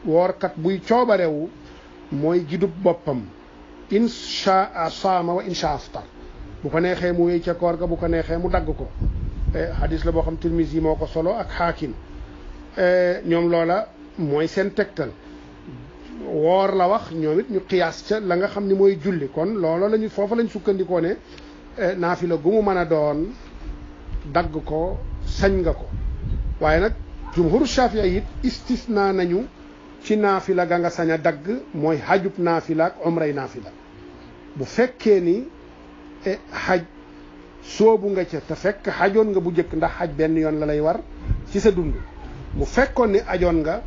woorkat buy coobarewu mooy gidub boppam inshaa saama wa inshaa aftar bu ko neexee mu wéy ca koor ga bu ko neexee mu dagg ko eh, xadis la boo xam Tirmisi moo ko solo ak xaakim Eh, ñoom loola mooy seen tegtal woor la wax ñoom it ñu xiyaas ca la nga xam ni mooy julli kon loola lañu foofa lañ sukkandikoo ne eh, naafila gu mu mën a doon dagg ko sañ nga ko waaye nag jumhur shafia it istisna nañu ci naafila ga nga saña dagg mooy xajub naafila ak omray naafila bu fekkee ni xaj eh, soobu nga ca te fekk xajoon nga bu njëkk ndax xaj benn yoon la lay war ci sa dund bu fekkoon ni ajoon nga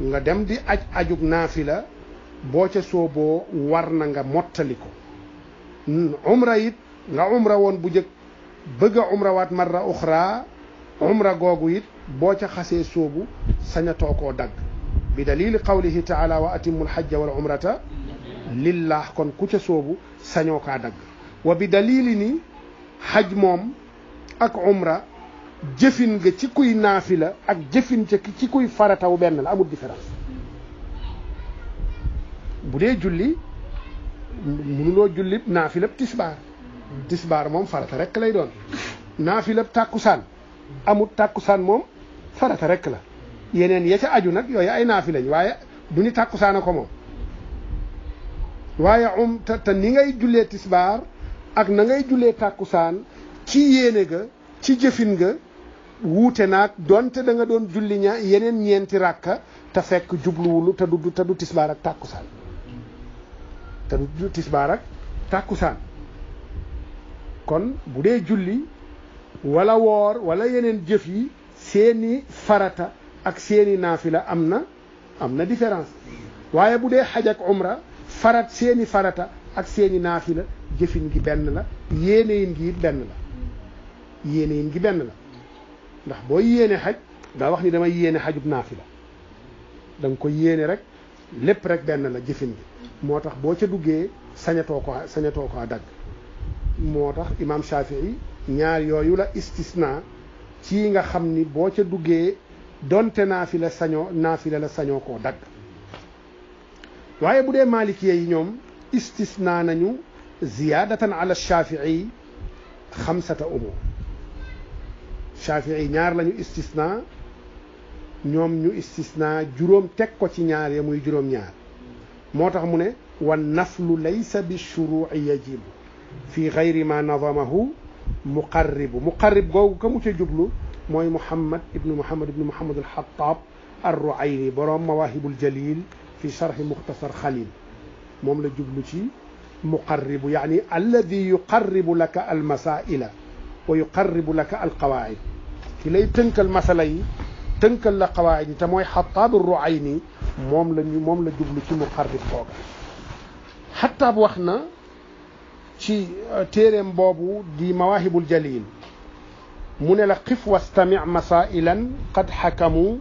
nga dem di aj ajug naafila boo ca sooboo war na nga mottali ko umra it nga umra woon bu jëkk bëgg a umrawaat marra uxra umra googu it boo ca xasee soobu sañatoo koo dagg bi dalili qawlihi taala wa atimul hajja wal umrata lillah kon ku ca soobu sañoo kaa dagg wa bi dalili ni haj moom ak umra jëfin ga ci kuy naafi la ak jëfin ca ci kuy farataw benn la amul différence bu dee julli loo julli naafi la tisbaar tisbaar moom farata rek lay doon naafi la tàkkusaan amul tàkkusaan moom farata rek la yeneen ya ca aju nag yooyu ay naafi lañ waaye du ni tàkkusaana ko moom waaye um te ni ngay jullee tisbaar ak na ngay jullee tàkkusaan ci yéene ga ci jëfin ga wuute naag donte da nga doon julli ña yeneen ñeenti rakka te fekk jubluwulu te du te du tisbaar ak tàkkusaan te du tisbaar tàkkusaan kon bu dee julli wala woor wala yeneen jëf yi seeni farata ak seeni naafila am na am na différence waaye bu dee xaj ak umra farat seeni farata ak seeni naafila jëfin gi benn la yéene yin gi benn gi benn la ndax boo yéene xaj daa wax ni damay yéene xajub naafila da nga ko yéene rek lépp rek benn la jëfin bi moo tax boo ca duggee sañatoo ko sañatoo ko dagg moo tax imaam Shafii ñaar yooyu la istisna ci nga xam ni boo ca duggee donte naafila sañoo naafila la sañoo ko dagg waaye bu dee maalikiyé yi ñoom istisna nañu ziyaadatan ala Shafii xamsata umur شافعي نار لا استثناء نيوم نيو استثناء جروم تك كو سي نار يموي جروم نار موتاخ مو والنفل ليس بالشروع يجب في غير ما نظمه مقرب مقرب جو كمو تي جوبلو موي محمد ابن محمد ابن محمد الحطاب الرعيني بروم مواهب الجليل في شرح مختصر خليل موم لا جوبلو سي مقرب يعني الذي يقرب لك المسائل ويقرب لك القواعد ki lay teunkal masala yi teunkal la xawaayit ta moy mooy xattaab ruayni moom la ñu mom la djublu ci muqarrib koga hatta wax na ci terem bobu di mawahibul jalil mune la qif wastami masailan qad hakamu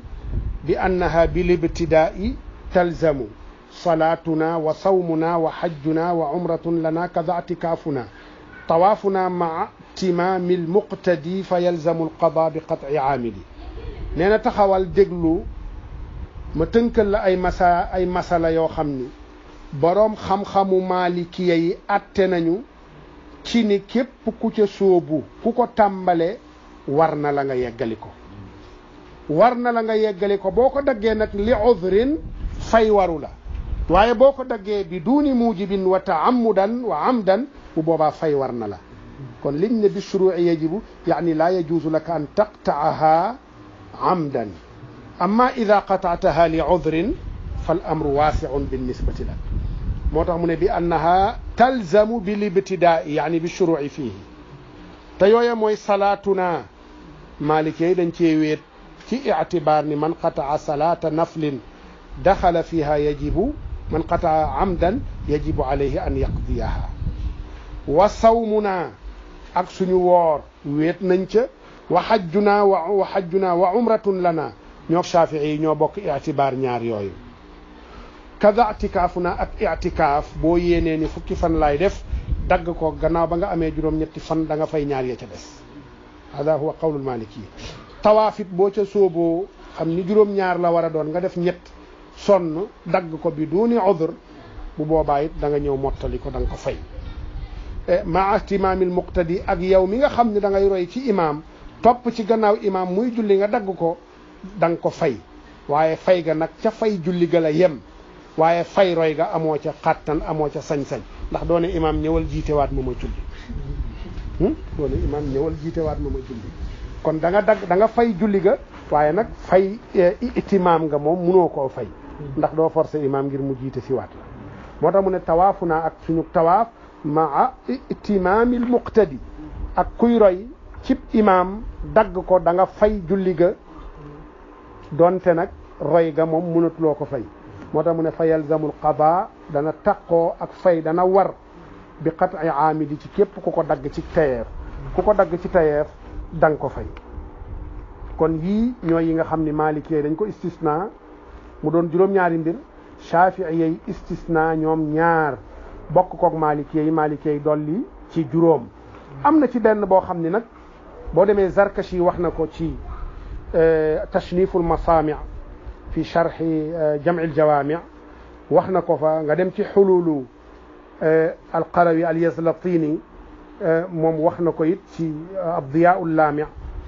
bi annaha bilibtidaai talzamu salaatuna wa sawmuna wa xajjuna wa umratun lana kada tawaafuna maa timaamil muqtadi fa yalzamu alqada bi qatci aamili nee na taxawal déglu ma tënkal la ay masa ay masala yoo xam ni boroom xam-xamu maalikiya yi atte nañu ci ni képp ku ca sóobu ku ko tàmbale war na la nga yeggali ko war na la nga yeggali ko boo ko daggee nag li udrin fay waru la waaye boo ko daggee bi duuni muujibin wa taamudan wa amdan بوبا فاي ورنا لا كون لين ني بالشروعيه يجب يعني لا يجوز لك ان تقطعها عمدا اما اذا قطعتها لعذر فالامر واسع بالنسبه لك موتاخ مون بي انها تلزم بالابتداء يعني بالشروع فيه تيويا موي صلاتنا مالكي دنجي ويت كي اعتبار من قطع صلاه نفل دخل فيها يجب من قطع عمدا يجب عليه ان يقضيها wa sawmunaa ak suñu woor wéet nañ ca wa xajjunaa wa wa xajjunaa wa umratun lana ñoo shafii yi ñoo bokk ictibaar ñaar yooyu kada itikaafu na ak itikaaf boo yéenee ni fukki fan laay def dagg ko gannaaw ba nga amee juróom-ñetti fan danga fay ñaar ya ca des hada huwa qawlul maliki tawaafit boo ca sóoboo xam ni juróom-ñaar la war a doon nga def ñett sonn dagg ko bi duuni udr bu boobaa it ñëw mottali ko da ko fay Eh, maa ihtimaamil muqtadi ak yow mi nga xam ne dangay roy ci imaam topp ci gannaaw imaam muy julli nga dagg ko da nga ko fay waaye fay ga nag ca fay julli ga la yem waaye fay roy ga amoo ca xattan amoo ca sañ-sañ ndax doone imaam ñëwal jiitewaat ma ma julli hmm? doone imaam ñëwal jiitewaat ma ma julli kon danga dagg da nga fay julli ga waaye nag fay eh, itimaam nga moom munoo koo fay ndax doo forcer imaam ngir mu jiite si waat la moo tax mu ne tawaafu naa ak suñu tawaaf maa itimaami almuqtadi ak kuy roy cib imaam dagg ko danga fay julli ga doonte nag roy ga moom mënatuloo ko fay moo tax mu ne fa yalzamul qada dana taqoo ak fay dana war bi qat'i aamidi ci képp ku ko dagg ci tayeef ku ko dagg ci tayeef dang ko fay kon yii ñooy yi nga xam ni malik yi dañ ko istisna mu doon juróom-ñaari mbir shaafi'i yi istisna ñoom ñaar bokk koog maalikee yi maalikee yi dolli ci juróom am na ci benn boo xam ni nag boo demee zarkashi wax na ko ci tashniful masami fi sharxi jamci aljawaami wax na ko fa nga dem ci xululu alqarawi alyazlatini moom wax na ko it ci abdiyaau llaami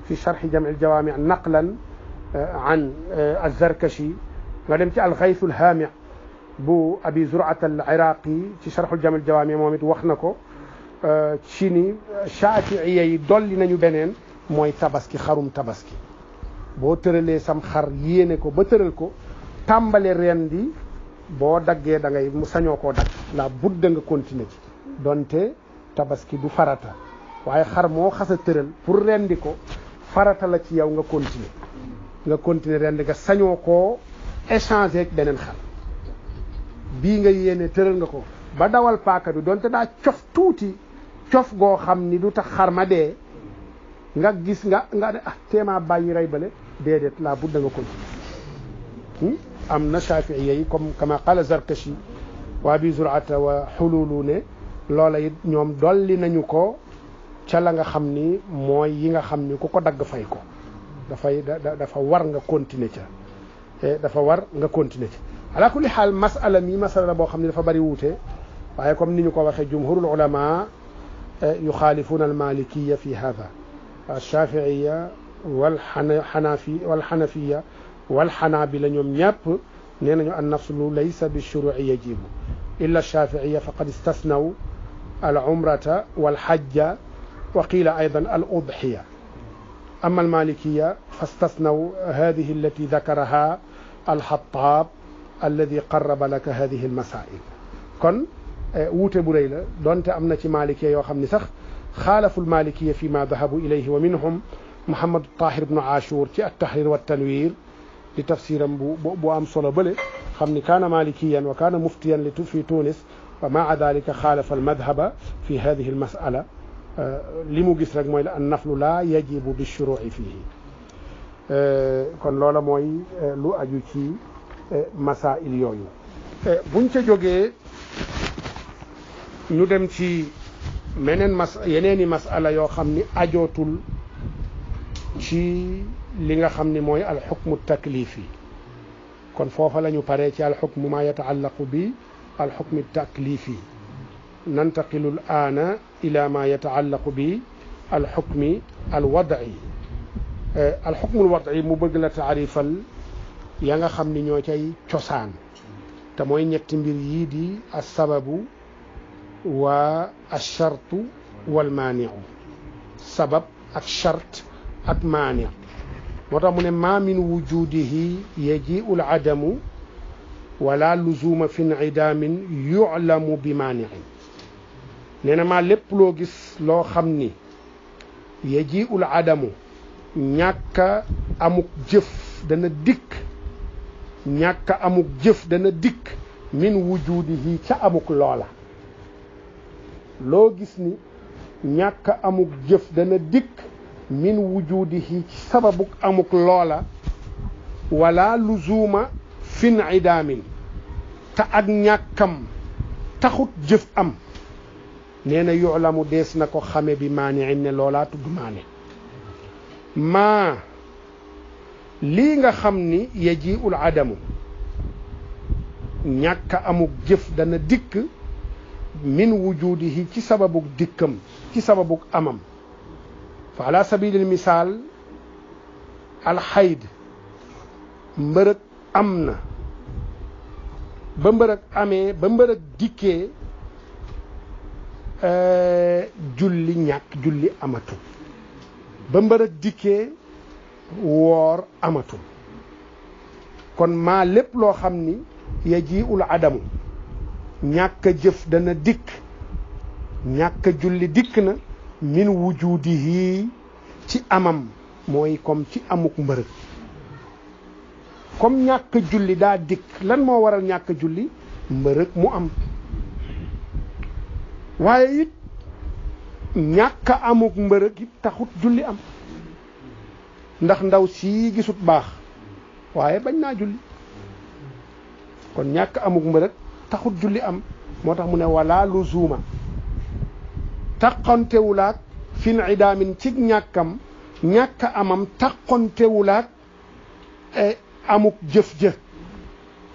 fi sharxi jamci aljawaami naqlan عن الزركشي ولم الغيث الهامع bu abi zuraat al iraqi ci charxul jamil jawaami moom it wax na ko euh, ci ni euh, shafiiya yi dolli nañu beneen mooy tabaski xarum tabaski boo tëralee sam xar yéene ko ba tëral ko tàmbale ren di boo daggee dangay mu sañoo ko dagg la budda nga continuer ci donte tabaski du farata waaye xar moo xas a tëral pour rendi ko farata la ci yow nga continuer nga continuer rendi nga sañoo ko échanger ak beneen xar bii nga yéene tëral nga ko ba dawal paaka bi donte daa cof tuuti cof goo xam ni du tax xar ma dee nga gis nga nga ne ah téemaa bàyyi rey bale déedéet laa budda nga kon hmm? am na shaafiiya yi comme kama qala zarkashi waa abi zurata wa xululu ne loola it ñoom dolli nañu ko ca la nga xam ni mooy yi nga xam ni ku ko dagg fay ko dafay dafa war nga continuer ca eh, dafa war nga continuer ca ala kulli hal masala mi masala bo xamni dafa bari wute waye comme niñu ko waxe jumhurul ulama yukhalifuna al malikiyya fi hadha ash-shafi'iyya wal hanafi wal hanafiyya wal hanabila ñom ñap nañu an nafs lu laysa bi shuru'i yajibu illa ash-shafi'iyya faqad istasnaw wal walxajja wa qila aydan al udhiya amma al malikiyya fastasnaw hadhihi allati dhakaraha al hattab الذي قرب لك هذه المسائل كن آه، ووت بريلا دونت امنا سي مالكيه يو خامني صح خالف المالكيه فيما ذهبوا اليه ومنهم محمد الطاهر بن عاشور في التحرير والتنوير لتفسير بو ام صلو بله خامني كان مالكيا وكان مفتيا لتوفي تونس ومع ذلك خالف المذهب في هذه المساله limu gis rek mooy la an naflu laa yajibu bi shuruci fii kon loola mooy lu masail yooyu buñ ca jógee ñu dem ci meneen mas yeneeni masala yoo xam ni ajootul ci li nga xam ni mooy alxukmu taklifi kon foofa la ñu paree ci alxukmu ma yataallaqu bi alxukmi taklifi ننتقل الآن إلى ما يتعلق بالحكم الوضعي الحكم الوضعي مبقلة تعريف ya nga xamni ño ñoo ciosan ta moy mooy ñetti mbir yi di as-sababu wa ash-shartu wal mani'u sabab ak shart ak mani' moo mu ne ma min wujudihi yajiu al-adamu wala luzuma fi incidaamin yu'lamu bi maanicin neena ma lépp lo gis lo xamni ni yajiu adamu ñaka amuk jëf dana dik ñàkk amuk jëf dana dikk min wujudihi ca amuk loola loo gis ni ñàkk amuk jëf dana dikk min wujudihi ci sababuk amuk loola wala luzuuma fin idaamin te ak ñàkkam taxut jëf am nee na yulamu dees na ko xame bi maani in ne loolaa tudd maane maa lii nga xam ni yajiul adamu ñàkk amuk jëf dana dikk min wujudihi ci sababuk dikkam ci sababuk amam fa ala sabilil misaal alxayd mbërëg am na ba mbërëg amee ba mbërëg dikkee euh, julli ñàkk julli amatu ba mbërëg dikkee woor amatul kon maa lépp loo xam ni ya jiul adamu ñàkk a jëf dana dikk ñàkk julli dikk na min wujudihi ci amam mooy comme ci amuk mbërëg comme ñàkk julli daa dikk lan moo waral ñàkk julli mbërëg mu am waaye it ñàkk amuk mbërëg it taxut julli am ndax ndaw sii gisut baax waaye bañ naa julli kon ñàkk amuk mbërëg taxut julli am moo tax mu ne wala lu zuuma taqontewulaak fin idaamin ci ñàkkam ñàkk amam taqontewulaak e, amuk jëf jë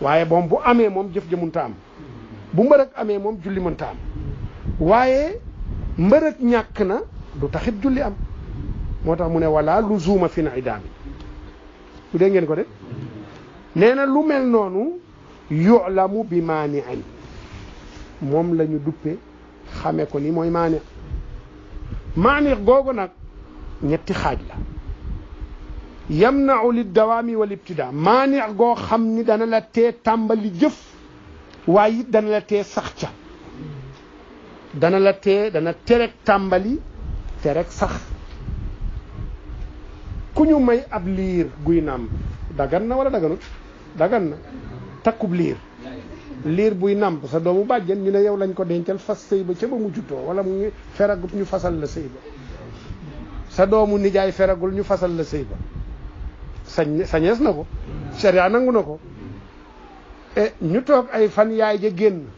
waaye boom bu amee moom jëf jë munta am bu mbërëg amee moom julli mënta am waaye mbërëg ñàkk na du taxit julli am motax tax mu ne wala luzuma fi na idaami su dee ngeen ko def neena lu mel nonu yulamu bi mani'in mom lañu duppe xame ko ni moy mani mani gogo nak ñetti xaj la yamnau lid-dawami wal ibtida mani go xamni dana la té tàmbali jëf waye dana la té sax ca dana la té dana terek tàmbali terek sax ku ñu may ab liir guy nàmp dagan na wala daganut dagan na takkub liir liir buy nàmp sa doomu bàjjen ñu ne yow lañ ko dencal fas sëy ba ca ba mu jutoo wala mu feragut ñu fasal la sëy ba sa doomu nijaay feragul ñu fasal la sëy ba na ko sharia nangu na ko e, ñu toog ay fan yaay ja génn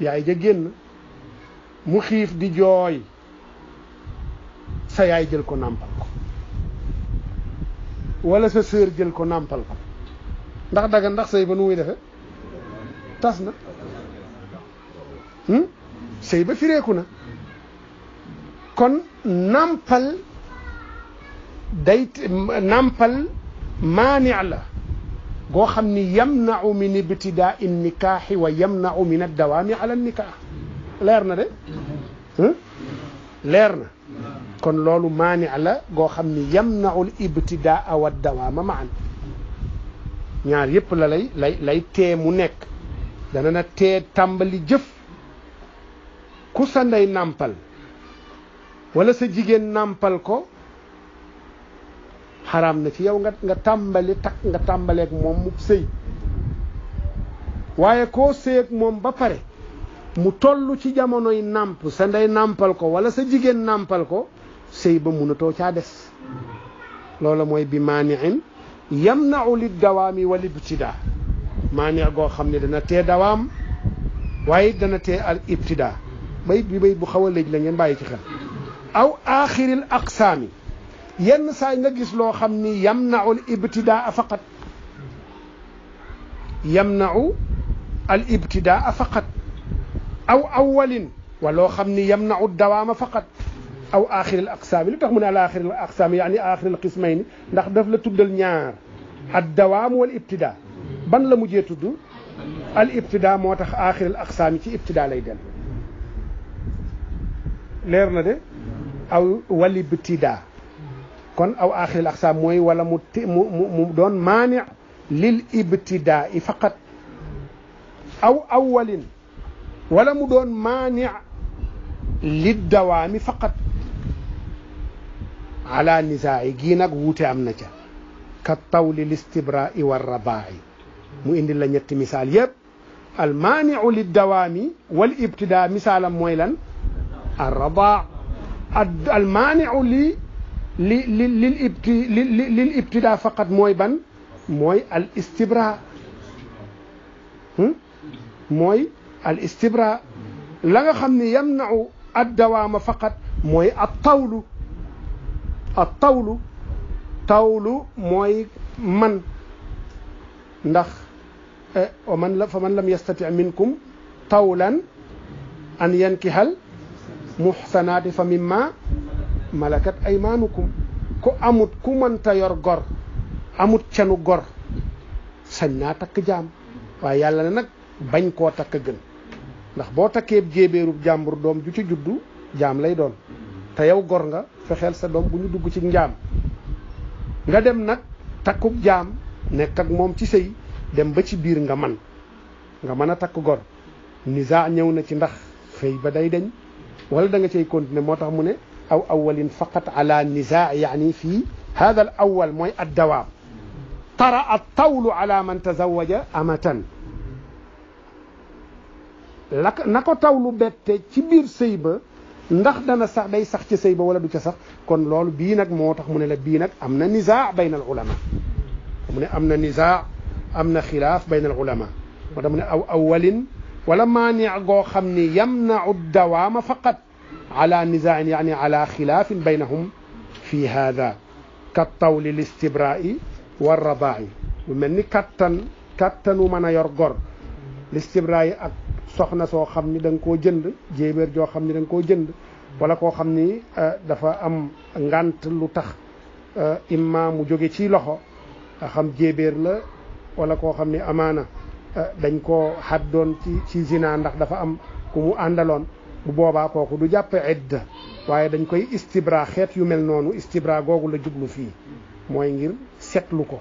yaay ja génn mu xiif di jooy sa yaay jël ko nàmp ولا سير جل كنام بالك دق دق دق سيب نوي ده تاسنا هم سيب في ريكونا كن نامبل ديت نامبل مانع لا جو خمني يمنع من ابتداء النكاح ويمنع من الدوام على النكاح ليرنا ده لي؟ ليرنا kon loolu maani la goo xam ni yamnaul ibtidaa wa dawaama maan ñaar yépp la lay lay tee mu nekk dana na tee tàmbali jëf ku sa ndey nàmpal wala sa jigéen nàmpal ko xaram na ci yow nga nga tàmbali takk nga tàmbaleek moom mu sëy waaye koo sëyeeg moom ba pare mu toll ci jamonoy nàmp sa ndey nàmpal ko wala sa jigéen nàmpal ko sëy ba munatoo caa des loola mooy bi maaniin yamnau li dawaami wali ibtida maani goo xam ne dana tee dawaam waaye dana tee al ibtida bay bi bay bu xaw a lëj la ngeen bàyyi ci xel aw aaxiril aqsaami yenn saay nga gis loo xam ni yamnau al ibtidaa faqat yamnau al ibtidaa faqat aw awwalin wa loo xam ni yamnau dawaama faqat أو آخر الأقسام لو تخمن آخر الأقسام يعني آخر القسمين ناخ داف لا تودل الدوام والابتداء بان لا مجي تود الابتداء موتخ آخر الأقسام في ابتداء لاي دل لير أو ولي ابتداء كون أو آخر الأقسام موي ولا مدون مانع للابتداء فقط أو أول ولا مدون مانع للدوام فقط ala nisaai gii nag wuute am na ca ka tawli listibraai wa rabaai mu indi la ñetti misaal yëpp almaaniu liddawaami wal ibtidaa misaalam mooy lan al rabaa almaaniu li li li lil ibti lil ibtidaa faqat mooy ban mooy al istibra mooy al istibra la nga xam ne yamnau addawaama faqat mooy at tawlu ak tawlu tawlu mooy man ndax eh, man la fa man lam yastati minkum tawlan an yankihal muxsanaati fa mimma malakat aymaanukum ku amut ku mënta yor gor amut cenu gor sañ naa takk jaam waaye yàlla ne nag bañ koo takk gën ndax boo takkeeb jéebéerub jàmbur doom ju ci juddu jaam lay doon te yow gor nga fexel sa dom buñu dugg ci njam nga dem nak takkub jam nek ak mom ci sëy dem ba ci bir nga man nga mana a gor niza ñëw na ci ndax fey ba day deñ wala da nga cey continuer motax mu ne aw awalin faqat ala niza yani fi hada al awal mooy addawaam tara attawlu ala man tazawaja amatan lak na ko tawlu bette ci sëy ba ndax dana sax day sax ci sëy ba wala du ci sax kon loolu bii nag moo tax mu ne la bii nag am na nizaa bayna al ulama mu ne am na nizaa am na xilaaf bayna al ulama moo tax mu ne aw awalin wala maani goo xam ni yamnau dawaama faqat ala nizaain yani ala xilaafin baynahum fi hada ka tawli listibraai warrabaai lu mel ni kattan kattanu mën a yor gor listibraai ak soxna soo xam ni da nga koo jënd jéebéer joo xam ni da nga koo jënd wala koo xam ni euh, dafa am ngànt lu tax euh, imma mu jóge ci loxo xam jéebéer la wala koo xam ni amaana euh, dañ ko xaddoon ci ci zina ndax dafa am ku mu àndaloon bu boobaa kooku du jàpp idda waaye dañ koy stibra xeet yu mel noonu istibra googu la jublu fii mooy ngir setlu ko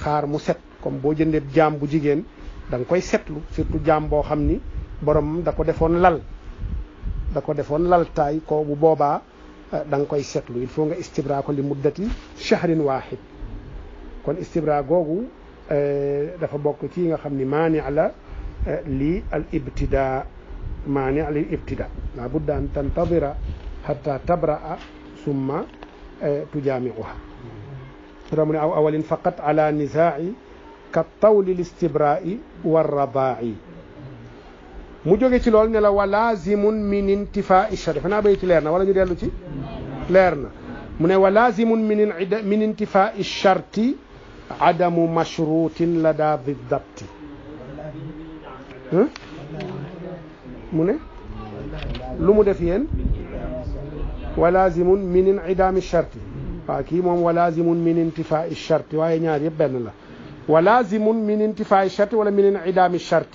xaar mu set comme boo jëndee jaam bu jigéen da nga koy seetlu surtout jaam boo xam ni borom da ko defoon lal da ko defoon lal taay ko bu boobaa eh, da koy seetlu il faut nga istibra ko li muddati shahrin wahid kon istibra googu eh, dafa bokk ci nga xam ni maani ala eh, li al maani lil ibtida la budda an tantadira hatta tabraa summa tujaamiuha ramu ne aw awalin faqat ala nisaai كالطول الاستبراء والرباع موجوغي تي لول نلا ولازم من انتفاء الشرع فنا بيت ليرنا ولا ني ديلو ليرنا من ولازم من من انتفاء الشرط عدم مشروط لدى بالضبط من لو مو دفين ولازم من انعدام الشرط فاكي موم ولازم من انتفاء الشرط واي نيار يبن الله ولازم من انتفاء الشرط ولا من انعدام الشرط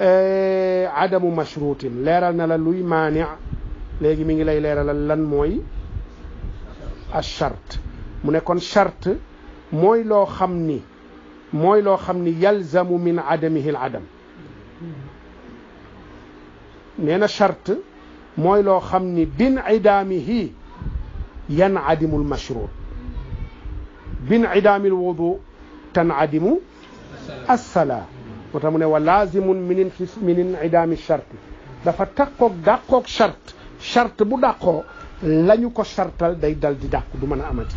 اه عدم مشروط ليرالنا لوي مانع لغي من لاي ليرال لان موي الشرط مو نيكون شرط موي لو خامني موي لو خامني يلزم من عدمه العدم نينا شرط موي لو خامني بن عدامه ينعدم المشروط بن عدام الوضوء tanadimu assala asala, tax mu ne wa lazimun minin fis minin idami charte dafa takko dakko shart shart bu dakko lañu ko shartal day dal di dàq du meuna amati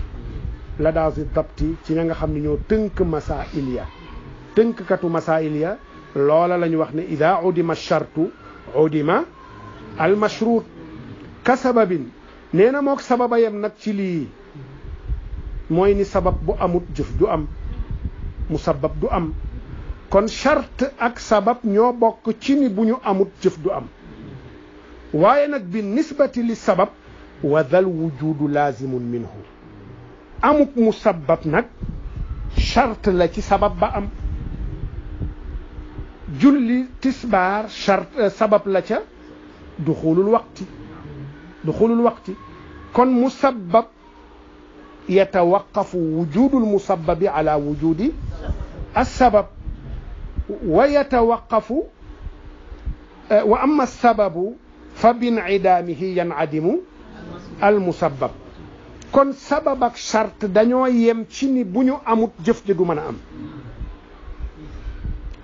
la daasi dabti ci nga xamni ñoo teunk masa ilia katu masa ilia lola lañu wax ne ida udima chartu udima al mashrut ka sababin nee na moog sababa ci li moy ni sabab bu amut jëf du am musabab du am kon charte ak sabab ñoo bokk ci ni bu ñu amut jëf du am waaye nag bi nisbati li sabab wa dal wujudu laazimun minhu amuk musabab nag charte la ci sabab ba am julli tisbaar charte sabab la ca duxulul waqti duxulul waqti kon musabab يتوقف وجود المسبب على وجود السبب ويتوقف آه، واما السبب فبانعدامه ينعدم المسبب كون سببك شرط دانيو يمتيني بنيو اموت جف جدو من ام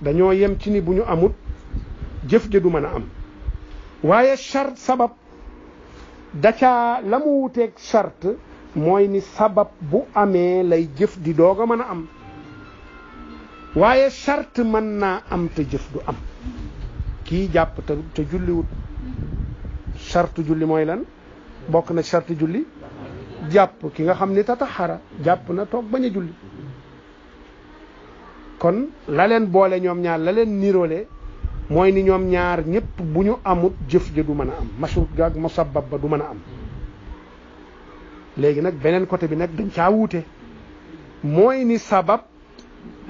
دانيو يمتيني بنيو اموت جف جدو من ام واي الشرط سبب داتا لموتك شرط موي سبب بو امي لاي جف دي من ام waaye charte mën naa am te jëf du am Ki jàpp te te julliwut charte julli mooy lan bokk na charte julli jàpp ki nga xam ni tataxara jàpp na toog bañ julli kon la leen boole ñoom ñaar la leen niroole mooy ni ñoom ñaar ñëpp bu amut jëf ja du mën am masuk gaag masabab ba du mën am léegi nag beneen côté bi nag dañ caa wuute mooy ni sabab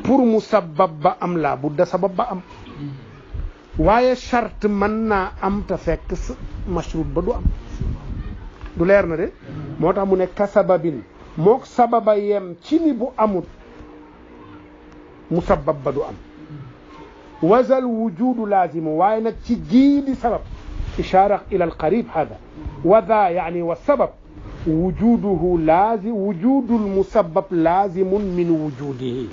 pour mu sabab ba am bu da sabab ba am waye chart man na am ta fek mashrut ba du am du leer na de motax mu ne kasababin mok sababa yem ci ni bu amut musabab ba du am wazal wujudu lazim waye nag ci gi di sabab اشاره الى القريب hada wada yani والسبب وجوده لازم وجود المسبب لازم من وجوده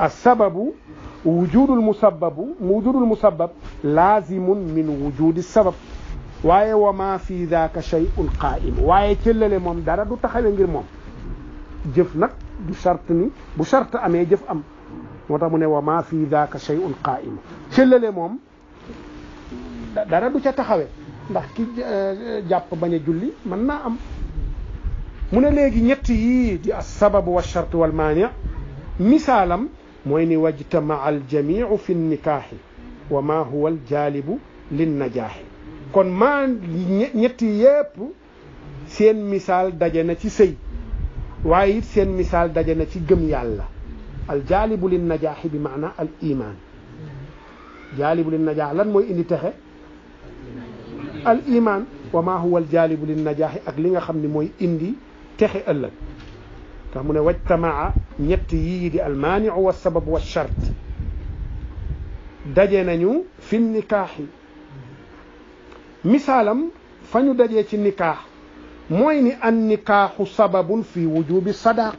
السبب وجود المسبب وجود المسبب لازم من وجود السبب واي وما في ذاك شيء قائم واي كل اللي مم دارا دو تخيل غير مم جفنا بشرطني بشرط امي جف ام موتام وما في ذاك شيء قائم كل اللي مم دارا دو تخاوي ndax ki japp آه، baña julli man na am mu ne léegi ñett yii di assababu wa chartu wal maania misaalam mooy ni wajtamaa aljamiu fi nnikaaxi wa maa huwa aljaalibu linnajaaxi kon ma ñetti yépp seen misaal daje na ci sëy waaye it seen misaal daje na ci gëm yàlla aljaalibu linnajaaxi bi maana al iman jaalibu linnajaax lan mooy indi texe al iman wa maa huwa aljaalibu linnajaaxi ak li nga xam ni mooy indi تخي ألك كمنا واجتمع نيتي المانع والسبب والشرط دجينا نيو في النكاح مثالا فانو دجي في النكاح موين النكاح سبب في وجوب الصداق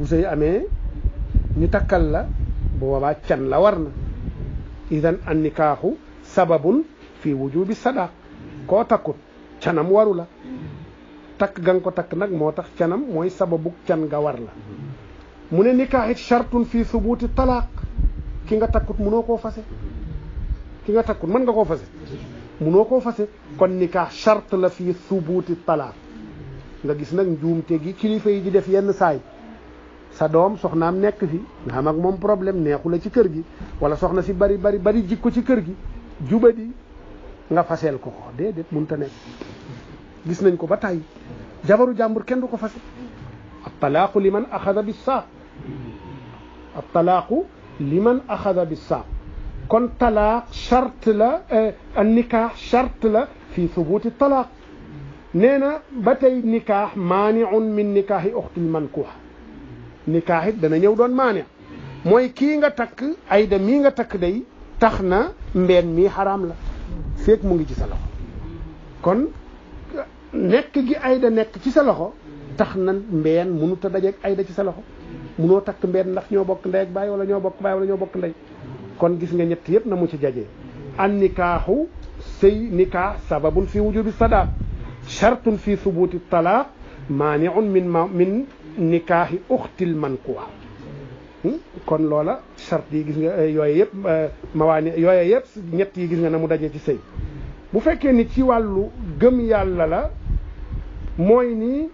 وزي أمي نتكلا بوابا تشان لورنا إذن النكاح سبب في وجوب الصداق كوتاكو تشانا مورولا takk ga nga ko takk nag moo tax canam mooy sababu can nga war la mu ne nikaaxit chartun fii subuuti talaaq ki nga takkut munoo koo fase ki nga takkut man nga koo fase munoo koo fase kon nikaax charte la fii subuuti talaaq nga gis nag njuumte gi kilifa yi di def yenn saay sa doom soxnaam nekk fi nga am ak moom problème neexu la ci kër gi wala soxna si bari bari bari jikko ci kër gi jubadi nga faseel ko ko déedéet munta nekk gis nañ ko ba tàyyi jabaru jàmbur kenn du ko fase الطلاق لمن أخذ بالساق الطلاق لمن أخذ بالساق كن طلاق شرط لا النكاح شرط لا في ثبوت الطلاق نينا باتاي نكاح مانع من نكاح أخت المنكوحة نكاح دانا نيو دون مانع موي كيغا تك أيدا ميغا تك داي تخنا مبين مي حرام لا فيك مونغي جي كون nekk gi ayda nekk ci sa loxo tax na mbeen mënut a dajeeg ayda ci sa loxo mënoo takk mbeen ndax ñoo bokk ndey ak bàyyi wala ñoo bokk bàyyi wala ñoo bokk ndey kon gis nga ñett yépp na mu ci jaje an nikahu sëy nikaa sababun fi wujubi sada shartun fi subuti talaq maniun min ma min nikahi uxtil mankuwa hmm? kon lola charte yi gis nga eh, yooyu yëpp eh, mawaani yooyu yëpp ñett yi gis nga na mu ci sëy bu fekkee ni ci wàllu gëm yàlla la mooy ni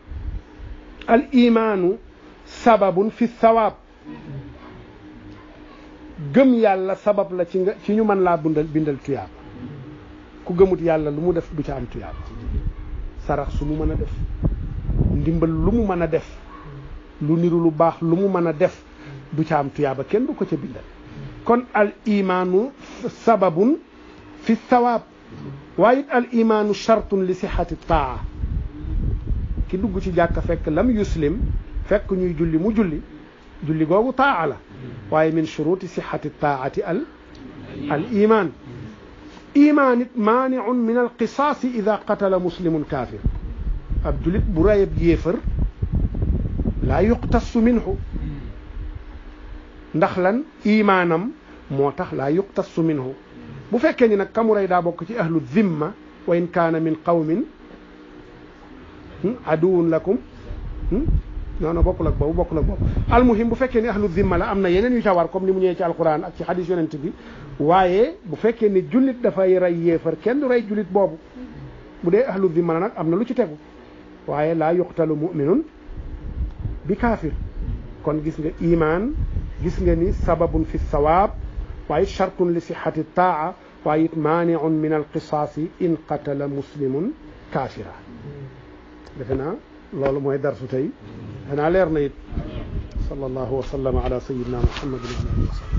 al imaanu sababun fi sawaab gëm yàlla sabab la ci nga ci ñu mën laa bundal bindal tuyaab ku gëmut yàlla lu mu def du ca am tuyaab sarax su mu mën a def ndimbal lu mu mën a def lu niru lu baax lu mu mën a def du ca am tuyaaba kenn du ko ca bindal kon al imaanu sababun fi sawaab waaye al imaanu chartun li sixati taa ki dugg ci jàkk fekk lam yuslim fekk ñuy julli mu julli julli googu taa la waaye min shuruti sixati taati al al iman iman it maaniun min al qisaasi ida qatala muslimun kafir ab julit bu rayab yéefar laa yuqtasu minhu ndax lan imaanam moo tax laa yuqtasu minhu bu fekkee ni nag kamu rey daa bokk ci ahlu dhimma wa in kaana min qawmin aduwun lakum non non bokkul ak boobu bokkul ak boobu almuhim bu fekkee ni ahlu zimma la am na yeneen yu ca war comme ni mu ñëwee ci alquran ak ci hadis yonent bi waaye bu fekkee ni jullit dafay rey yéefar kenn du rey jullit boobu bu dee ahlu zimma la nag am na lu ci tegu waaye laa yuqtalu muminun bi kaafir kon gis nga iman gis nga ni sababun fi sawaab waaye chartun li sixati taa waaye it maaniun min alqisaasi in qatala muslimun kaafira defe naa loolu mooy darsu tey xanaa leer na it sallallahu wa sallama ala sayyidina muhammadin wa alihi wa sallam